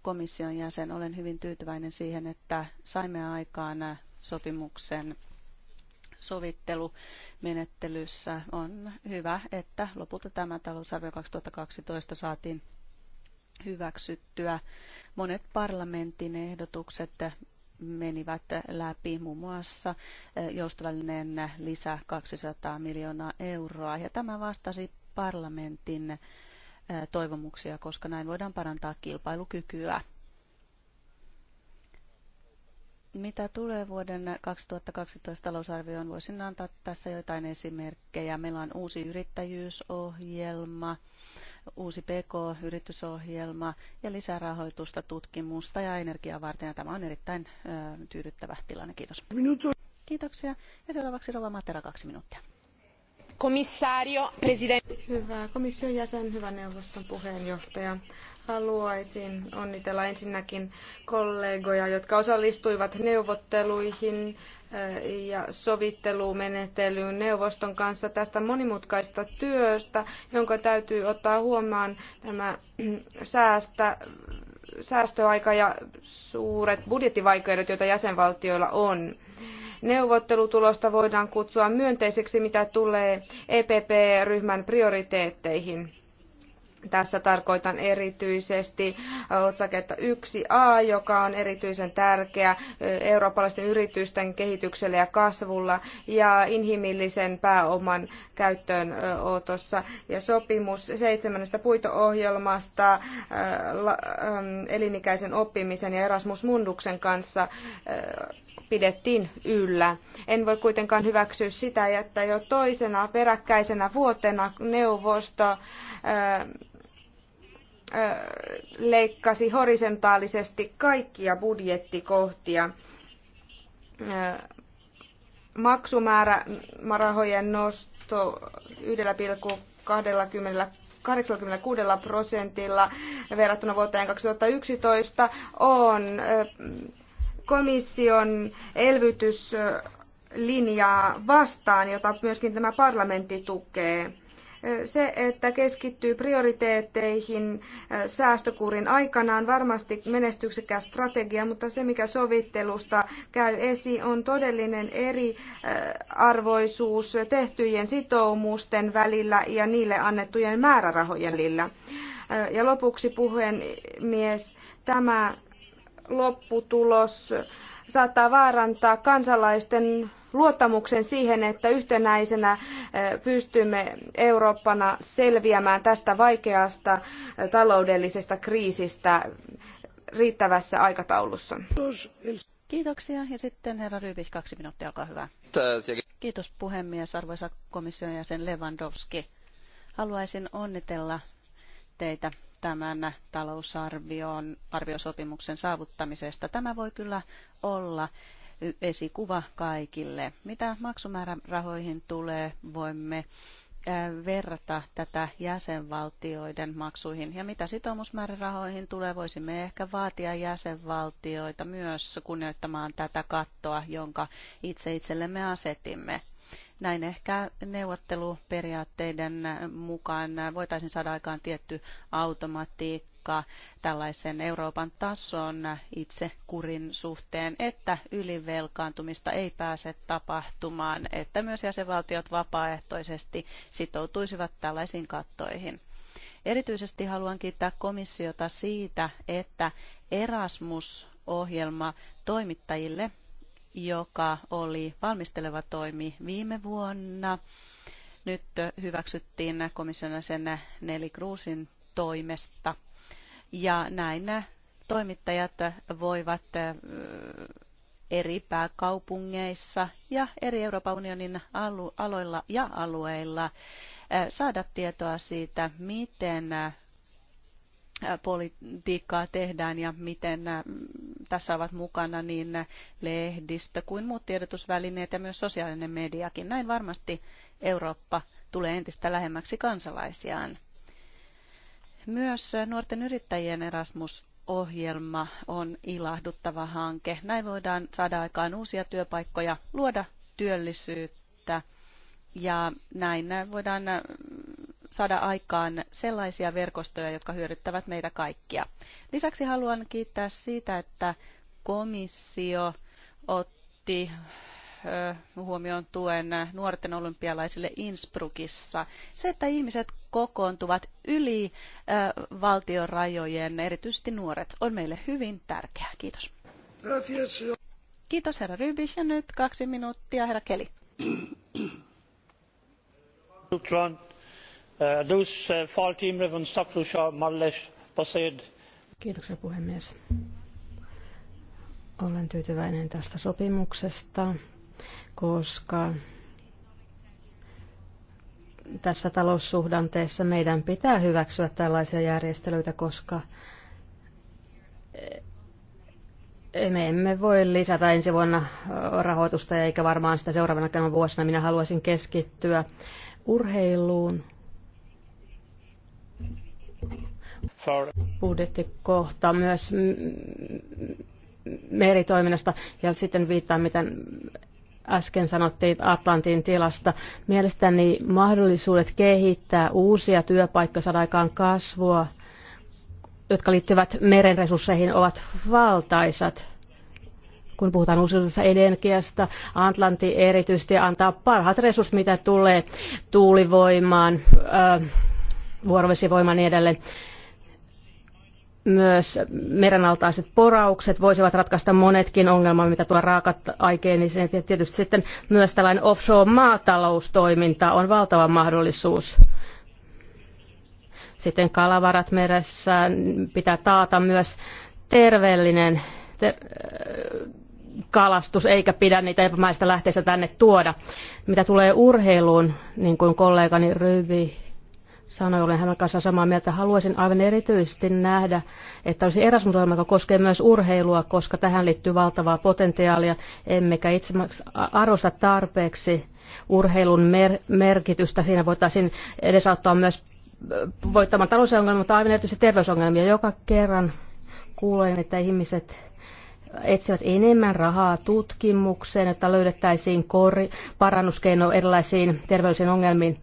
komission jäsen, olen hyvin tyytyväinen siihen, että saimme aikaan sopimuksen sovittelumenettelyssä. On hyvä, että lopulta tämä talousarvio 2012 saatiin hyväksyttyä. Monet parlamentin ehdotukset menivät läpi muun muassa eh, joustovälineen lisä 200 miljoonaa euroa. Ja tämä vastasi parlamentin eh, toivomuksia, koska näin voidaan parantaa kilpailukykyä. Mitä tulee vuoden 2012 talousarvioon, voisin antaa tässä jotain esimerkkejä. Meillä on uusi yrittäjyysohjelma, uusi PK-yritysohjelma ja lisärahoitusta tutkimusta ja energiaa varten. Ja tämä on erittäin ö, tyydyttävä tilanne. Kiitos. Minuto. Kiitoksia. Ja seuraavaksi Rova Matera kaksi minuuttia. Komissaario, presidentti. Hyvä komission jäsen, hyvä neuvoston puheenjohtaja haluaisin onnitella ensinnäkin kollegoja, jotka osallistuivat neuvotteluihin ja sovittelumenettelyyn neuvoston kanssa tästä monimutkaista työstä, jonka täytyy ottaa huomaan tämä säästä, säästöaika ja suuret budjettivaikeudet, joita jäsenvaltioilla on. Neuvottelutulosta voidaan kutsua myönteiseksi, mitä tulee EPP-ryhmän prioriteetteihin. Tässä tarkoitan erityisesti otsaketta 1a, joka on erityisen tärkeä eurooppalaisten yritysten kehitykselle ja kasvulla ja inhimillisen pääoman käyttöönotossa. Ja sopimus seitsemännestä puito-ohjelmasta elinikäisen oppimisen ja Erasmus Munduksen kanssa pidettiin yllä. En voi kuitenkaan hyväksyä sitä, että jo toisena peräkkäisenä vuotena neuvosto leikkasi horisontaalisesti kaikkia budjettikohtia. Maksumäärärahojen nosto 1,86 prosentilla verrattuna vuoteen 2011 on komission elvytyslinjaa vastaan, jota myöskin tämä parlamentti tukee se, että keskittyy prioriteetteihin äh, säästökurin aikana on varmasti menestyksekäs strategia, mutta se mikä sovittelusta käy esi on todellinen eriarvoisuus tehtyjen sitoumusten välillä ja niille annettujen määrärahojen välillä. Äh, ja lopuksi puhemies, tämä lopputulos saattaa vaarantaa kansalaisten luottamuksen siihen, että yhtenäisenä eh, pystymme Eurooppana selviämään tästä vaikeasta eh, taloudellisesta kriisistä riittävässä aikataulussa. Kiitoksia. Ja sitten herra Ryypih, kaksi minuuttia, olkaa hyvä. Kiitos puhemies, arvoisa komission jäsen Lewandowski. Haluaisin onnitella teitä tämän talousarvion arviosopimuksen saavuttamisesta. Tämä voi kyllä olla esikuva kaikille. Mitä maksumäärärahoihin tulee, voimme verrata tätä jäsenvaltioiden maksuihin. Ja mitä sitoumusmäärärahoihin tulee, voisimme ehkä vaatia jäsenvaltioita myös kunnioittamaan tätä kattoa, jonka itse itsellemme asetimme. Näin ehkä neuvotteluperiaatteiden mukaan voitaisiin saada aikaan tietty automatiikka sekä tällaisen Euroopan tason kurin suhteen, että ylivelkaantumista ei pääse tapahtumaan, että myös jäsenvaltiot vapaaehtoisesti sitoutuisivat tällaisiin kattoihin. Erityisesti haluan kiittää komissiota siitä, että Erasmus-ohjelma toimittajille, joka oli valmisteleva toimi viime vuonna, nyt hyväksyttiin komission sen Neli Kruusin toimesta – ja näin toimittajat voivat eri pääkaupungeissa ja eri Euroopan unionin aloilla ja alueilla saada tietoa siitä, miten politiikkaa tehdään ja miten tässä ovat mukana niin lehdistö kuin muut tiedotusvälineet ja myös sosiaalinen mediakin. Näin varmasti Eurooppa tulee entistä lähemmäksi kansalaisiaan. Myös nuorten yrittäjien Erasmus-ohjelma on ilahduttava hanke. Näin voidaan saada aikaan uusia työpaikkoja, luoda työllisyyttä ja näin voidaan äh, saada aikaan sellaisia verkostoja, jotka hyödyttävät meitä kaikkia. Lisäksi haluan kiittää siitä, että komissio otti huomioon tuen nuorten olympialaisille Innsbruckissa. Se, että ihmiset kokoontuvat yli valtion rajojen, erityisesti nuoret, on meille hyvin tärkeää. Kiitos. Kiitos herra Rybich ja nyt kaksi minuuttia herra Keli. Kiitoksia puhemies. Olen tyytyväinen tästä sopimuksesta koska tässä taloussuhdanteessa meidän pitää hyväksyä tällaisia järjestelyitä, koska eh, me emme voi lisätä ensi vuonna eh, rahoitusta eikä varmaan sitä seuraavana vuosina. Minä haluaisin keskittyä urheiluun. Budjettikohta myös meritoiminnasta ja sitten viittaan, miten äsken sanottiin Atlantin tilasta. Mielestäni mahdollisuudet kehittää uusia työpaikkoja, saada aikaan kasvua, jotka liittyvät merenresursseihin, ovat valtaisat. Kun puhutaan uusiutuvasta energiasta, Atlantti erityisesti antaa parhaat resurssit, mitä tulee tuulivoimaan, vuorovesivoimaan ja niin edelleen myös merenaltaiset poraukset voisivat ratkaista monetkin ongelmat, mitä tulee raaka-aikeeniseen. Ja tietysti sitten myös tällainen offshore-maataloustoiminta on valtava mahdollisuus. Sitten kalavarat meressä pitää taata myös terveellinen ter kalastus eikä pidä niitä epämäistä lähteistä tänne tuoda. Mitä tulee urheiluun, niin kuin kollegani Ryvi sanoi, olen hänen kanssaan samaa mieltä. Haluaisin aivan erityisesti nähdä, että olisi erasmus joka koskee myös urheilua, koska tähän liittyy valtavaa potentiaalia, emmekä itse arvosta tarpeeksi urheilun mer- merkitystä. Siinä voitaisiin edesauttaa myös voittamaan talousongelmia, ongelmia, mutta aivan erityisesti terveysongelmia. Joka kerran kuulen, että ihmiset etsivät enemmän rahaa tutkimukseen, että löydettäisiin kor- parannuskeino erilaisiin terveellisiin ongelmiin.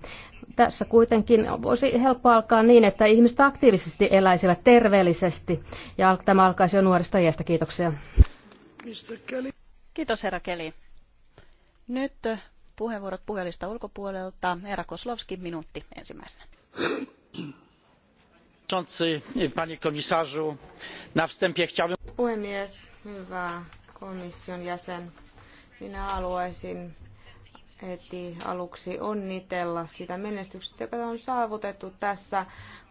Tässä kuitenkin voisi helppo alkaa niin, että ihmiset aktiivisesti eläisivät terveellisesti ja tämä alkaisi jo nuorista iästä. Kiitoksia. Kiitos herra Keli. Nyt puheenvuorot puhelista ulkopuolelta. Herra Koslovski, minuutti ensimmäisenä. Puhemies, hyvä komission jäsen. Minä haluaisin heti aluksi onnitella sitä menestyksestä, joka on saavutettu tässä,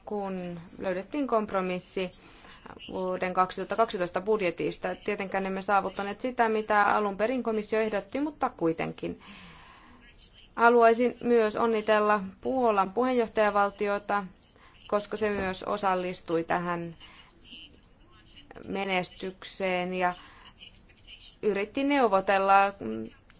kun löydettiin kompromissi vuoden 2012 budjetista. Tietenkään emme saavuttaneet sitä, mitä alun perin komissio ehdotti, mutta kuitenkin. Haluaisin myös onnitella Puolan puheenjohtajavaltiota, koska se myös osallistui tähän menestykseen ja yritti neuvotella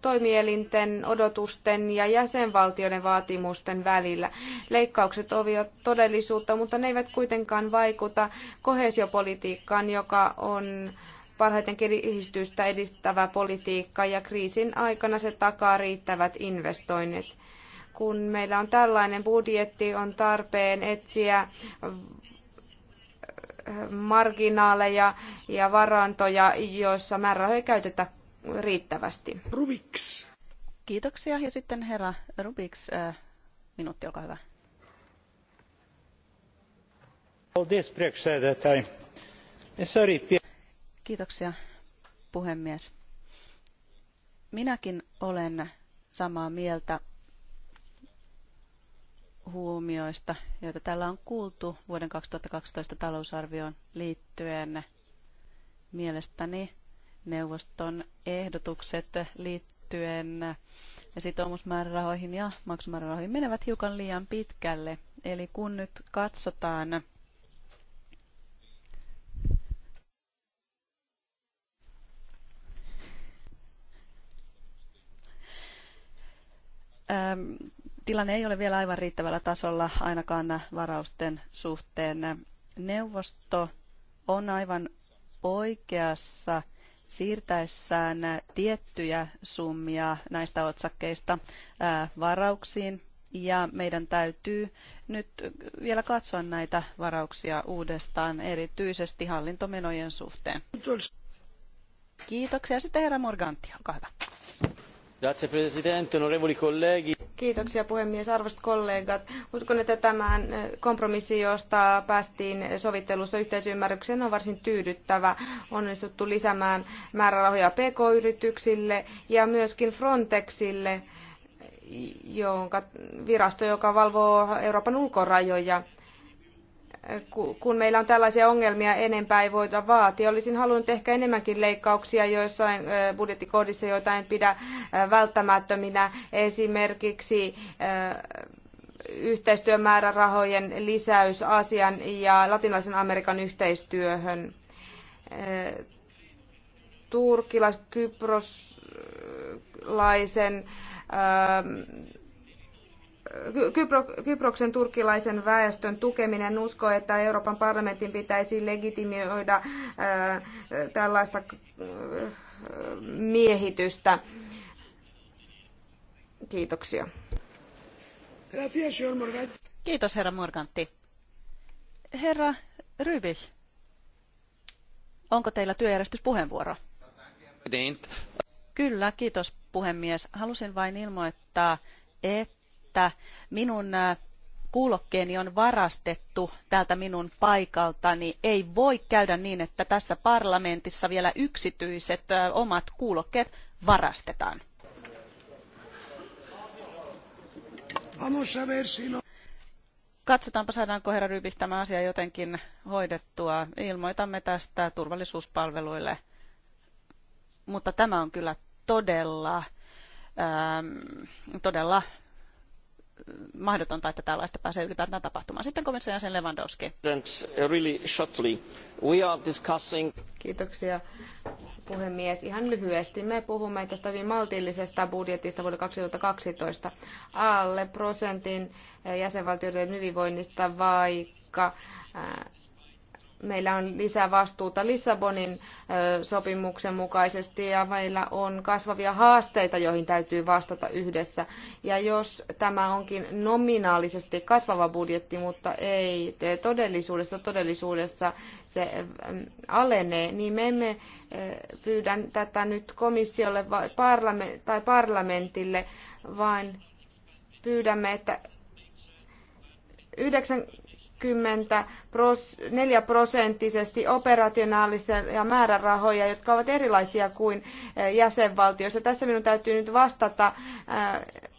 toimielinten odotusten ja jäsenvaltioiden vaatimusten välillä. Leikkaukset ovat todellisuutta, mutta ne eivät kuitenkaan vaikuta kohesiopolitiikkaan, joka on parhaiten kehitystä edistävä politiikka ja kriisin aikana se takaa riittävät investoinnit. Kun meillä on tällainen budjetti, on tarpeen etsiä marginaaleja ja varantoja, joissa määrärahoja ei käytetä riittävästi. Rubiks. Kiitoksia. Ja sitten herra Rubiks, äh, minuutti, olkaa hyvä. Kiitoksia, puhemies. Minäkin olen samaa mieltä huomioista, joita täällä on kuultu vuoden 2012 talousarvioon liittyen. Mielestäni neuvoston ehdotukset liittyen sitoumusmäärärahoihin ja maksumäärärahoihin menevät hiukan liian pitkälle. Eli kun nyt katsotaan tilanne ei ole vielä aivan riittävällä tasolla ainakaan varausten suhteen. Neuvosto on aivan oikeassa – siirtäessään tiettyjä summia näistä otsakkeista varauksiin. Ja meidän täytyy nyt vielä katsoa näitä varauksia uudestaan, erityisesti hallintomenojen suhteen. Kiitoksia. Sitten herra Morganti, olkaa hyvä. Grazie Presidente, onorevoli colleghi. Kiitoksia puhemies, arvoisat kollegat. Uskon, että tämä eh, kompromissi, josta päästiin sovittelussa yhteisymmärrykseen, on varsin tyydyttävä. Onnistuttu lisäämään määrärahoja PK-yrityksille ja myöskin Frontexille, jonka virasto, joka valvoo Euroopan ulkorajoja kun meillä on tällaisia ongelmia, enempää ei voida vaatia. Olisin halunnut ehkä enemmänkin leikkauksia joissain budjettikohdissa, joita en pidä välttämättöminä. Esimerkiksi yhteistyömäärärahojen lisäys Aasian ja Latinalaisen Amerikan yhteistyöhön. Turkilais-kyproslaisen Kyproksen turkilaisen väestön tukeminen. uskoo, että Euroopan parlamentin pitäisi legitimoida äh, tällaista äh, miehitystä. Kiitoksia. Kiitos, herra Morgantti. Herra Rybich, onko teillä työjärjestyspuheenvuoro? Kyllä, kiitos puhemies. Halusin vain ilmoittaa, että että minun äh, kuulokkeeni on varastettu täältä minun paikaltani. Ei voi käydä niin, että tässä parlamentissa vielä yksityiset äh, omat kuulokkeet varastetaan. Katsotaanpa saadaanko herra Rybik tämä asia jotenkin hoidettua. Ilmoitamme tästä turvallisuuspalveluille. Mutta tämä on kyllä todella, ähm, todella mahdotonta, että tällaista pääsee ylipäätään tapahtumaan. Sitten komissio jäsen Lewandowski. Uh, really We are discussing... Kiitoksia puhemies. Ihan lyhyesti me puhumme tästä hyvin maltillisesta budjetista vuodelle 2012 alle prosentin eh, jäsenvaltioiden hyvinvoinnista, vaikka eh, meillä on lisää vastuuta Lissabonin sopimuksen mukaisesti ja meillä on kasvavia haasteita, joihin täytyy vastata yhdessä. Ja jos tämä onkin nominaalisesti kasvava budjetti, mutta ei todellisuudessa, todellisuudessa se alenee, niin me emme pyydän tätä nyt komissiolle tai parlamentille, vaan pyydämme, että 9 24 prosenttisesti operationaalisia määrärahoja, jotka ovat erilaisia kuin eh, jäsenvaltioissa. Tässä minun täytyy nyt vastata eh,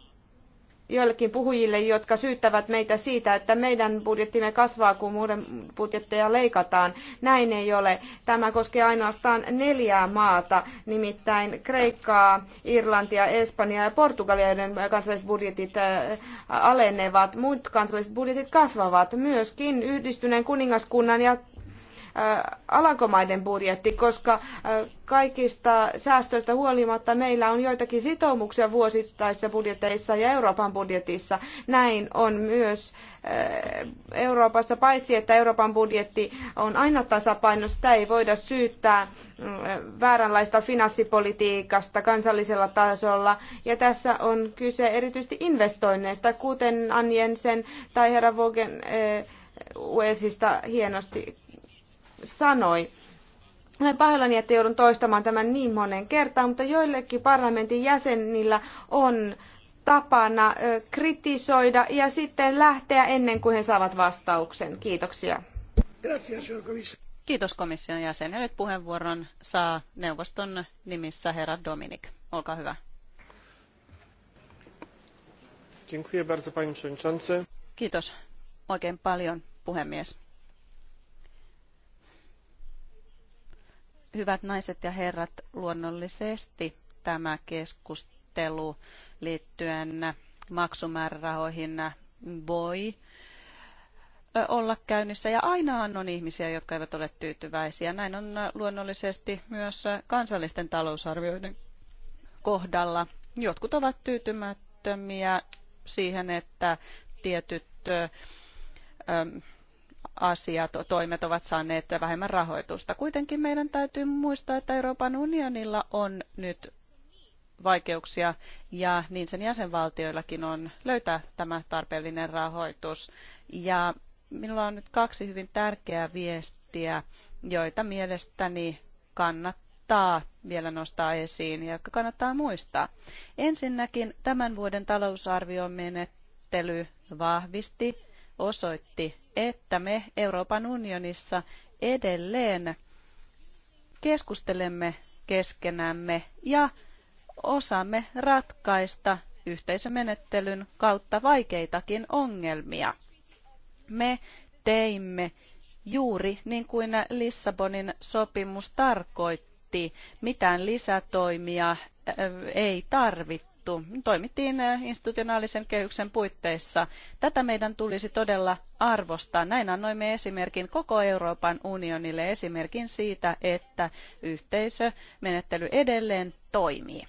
joillekin puhujille, jotka syyttävät meitä siitä, että meidän budjettimme kasvaa, kun muiden budjetteja leikataan. Näin ei ole. Tämä koskee ainoastaan neljää maata, nimittäin Kreikkaa, Irlantia, Espanjaa ja Portugalia, joiden kansalliset budjetit alenevat. Muut kansalliset budjetit kasvavat. Myöskin yhdistyneen kuningaskunnan ja Alankomaiden budjetti, koska kaikista säästöistä huolimatta meillä on joitakin sitoumuksia vuosittaisissa budjeteissa ja Euroopan budjetissa. Näin on myös Euroopassa, paitsi että Euroopan budjetti on aina tasapainossa, sitä ei voida syyttää vääränlaista finanssipolitiikasta kansallisella tasolla. Ja tässä on kyse erityisesti investoinneista, kuten Anjensen tai herra Vogen Uesista hienosti sanoi. Olen pahoillani, että joudun toistamaan tämän niin monen kertaan, mutta joillekin parlamentin jäsenillä on tapana kritisoida ja sitten lähteä ennen kuin he saavat vastauksen. Kiitoksia. Kiitos komission jäsen. Ja nyt puheenvuoron saa neuvoston nimissä herra Dominik. Olkaa hyvä. Kiitos oikein paljon, puhemies. Hyvät naiset ja herrat, luonnollisesti tämä keskustelu liittyen maksumäärärahoihin voi olla käynnissä ja aina on ihmisiä, jotka eivät ole tyytyväisiä. Näin on luonnollisesti myös kansallisten talousarvioiden kohdalla. Jotkut ovat tyytymättömiä siihen, että tietyt asiat, toimet ovat saaneet vähemmän rahoitusta. Kuitenkin meidän täytyy muistaa, että Euroopan unionilla on nyt vaikeuksia ja niin sen jäsenvaltioillakin on löytää tämä tarpeellinen rahoitus. Ja minulla on nyt kaksi hyvin tärkeää viestiä, joita mielestäni kannattaa vielä nostaa esiin ja jotka kannattaa muistaa. Ensinnäkin tämän vuoden talousarviomenettely vahvisti, osoitti että me Euroopan unionissa edelleen keskustelemme keskenämme ja osaamme ratkaista yhteisömenettelyn kautta vaikeitakin ongelmia. Me teimme juuri niin kuin Lissabonin sopimus tarkoitti. Mitään lisätoimia äh, ei tarvittu toimittu. Toimittiin eh, institutionaalisen kehyksen puitteissa. Tätä meidän tulisi todella arvostaa. Näin annoimme esimerkin koko Euroopan unionille esimerkin siitä, että yhteisömenettely edelleen toimii.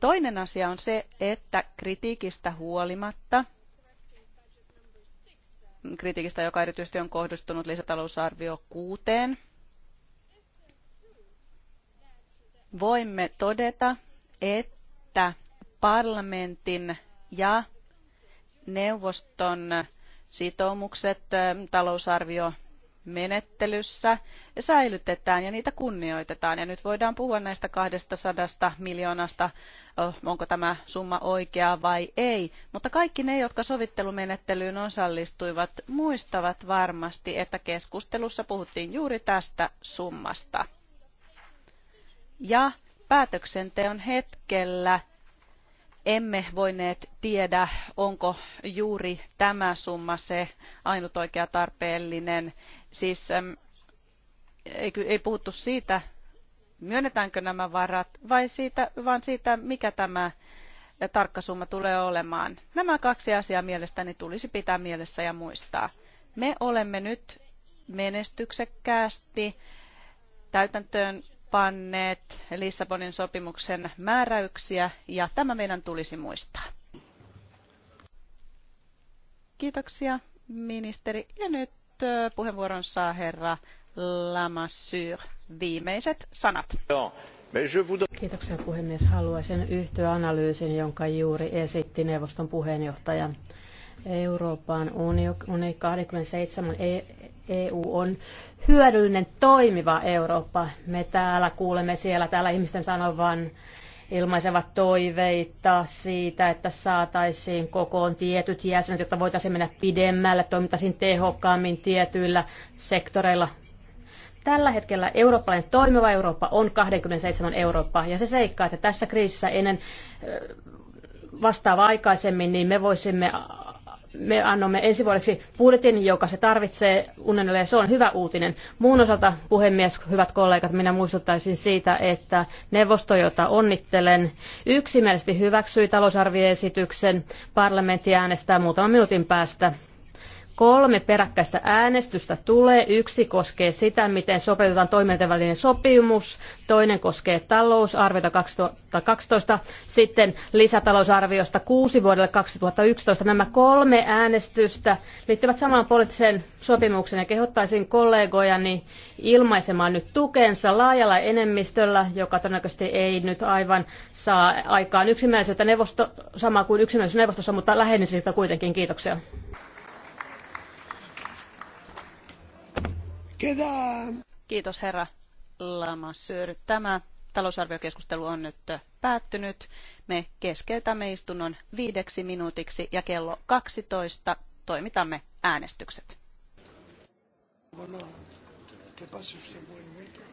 Toinen asia on se, että kritiikistä huolimatta kritiikistä, joka erityisesti on kohdistunut lisätalousarvio kuuteen. Voimme todeta, että parlamentin ja neuvoston sitoumukset talousarviomenettelyssä säilytetään ja niitä kunnioitetaan. Ja nyt voidaan puhua näistä 200 miljoonasta, onko tämä summa oikea vai ei. Mutta kaikki ne, jotka sovittelumenettelyyn osallistuivat, muistavat varmasti, että keskustelussa puhuttiin juuri tästä summasta. Ja päätöksenteon hetkellä emme voineet tiedä, onko juuri tämä summa se ainut oikea tarpeellinen. Siis ei puhuttu siitä, myönnetäänkö nämä varat, vai siitä, vaan siitä, mikä tämä tarkka summa tulee olemaan. Nämä kaksi asiaa mielestäni tulisi pitää mielessä ja muistaa. Me olemme nyt menestyksekkäästi täytäntöön panneet Lissabonin sopimuksen määräyksiä ja tämä meidän tulisi muistaa. Kiitoksia ministeri. Ja nyt puheenvuoron saa herra Lamassur. Viimeiset sanat. Kiitoksia puhemies. Haluaisin yhtyä analyysin, jonka juuri esitti neuvoston puheenjohtaja. Euroopan unioni 27 e- EU on hyödyllinen, toimiva Eurooppa. Me täällä kuulemme siellä täällä ihmisten sanovan ilmaisevat toiveita siitä, että saataisiin kokoon tietyt jäsenet, jotta voitaisiin mennä pidemmälle, toimittaisiin tehokkaammin tietyillä sektoreilla. Tällä hetkellä eurooppalainen toimiva Eurooppa on 27 Eurooppa, ja se seikkaa, että tässä kriisissä ennen vastaava aikaisemmin, niin me voisimme me annamme ensi vuodeksi budjetin, joka se tarvitsee unenelle, ja se on hyvä uutinen. Muun osalta, puhemies, hyvät kollegat, minä muistuttaisin siitä, että neuvosto, jota onnittelen, yksimielisesti hyväksyi talousarvioesityksen. Parlamentti äänestää muutaman minuutin päästä Kolme peräkkäistä äänestystä tulee. Yksi koskee sitä, miten sopeutetaan toimintavälinen sopimus. Toinen koskee talousarviota 2012. Sitten lisätalousarviosta kuusi vuodelle 2011. Nämä kolme äänestystä liittyvät samaan poliittiseen sopimukseen ja kehottaisin kollegojani ilmaisemaan nyt tukensa laajalla enemmistöllä, joka todennäköisesti ei nyt aivan saa aikaan yksimielisyyttä neuvosto, sama kuin yksimielisyys neuvostossa, mutta lähenisi sitä kuitenkin. Kiitoksia. ketään. Kiitos herra Lamassör. Tämä talousarviokeskustelu on nyt päättynyt. Me keskeytämme istunnon viideksi minuutiksi ja kello 12 toimitamme äänestykset. Bueno, usted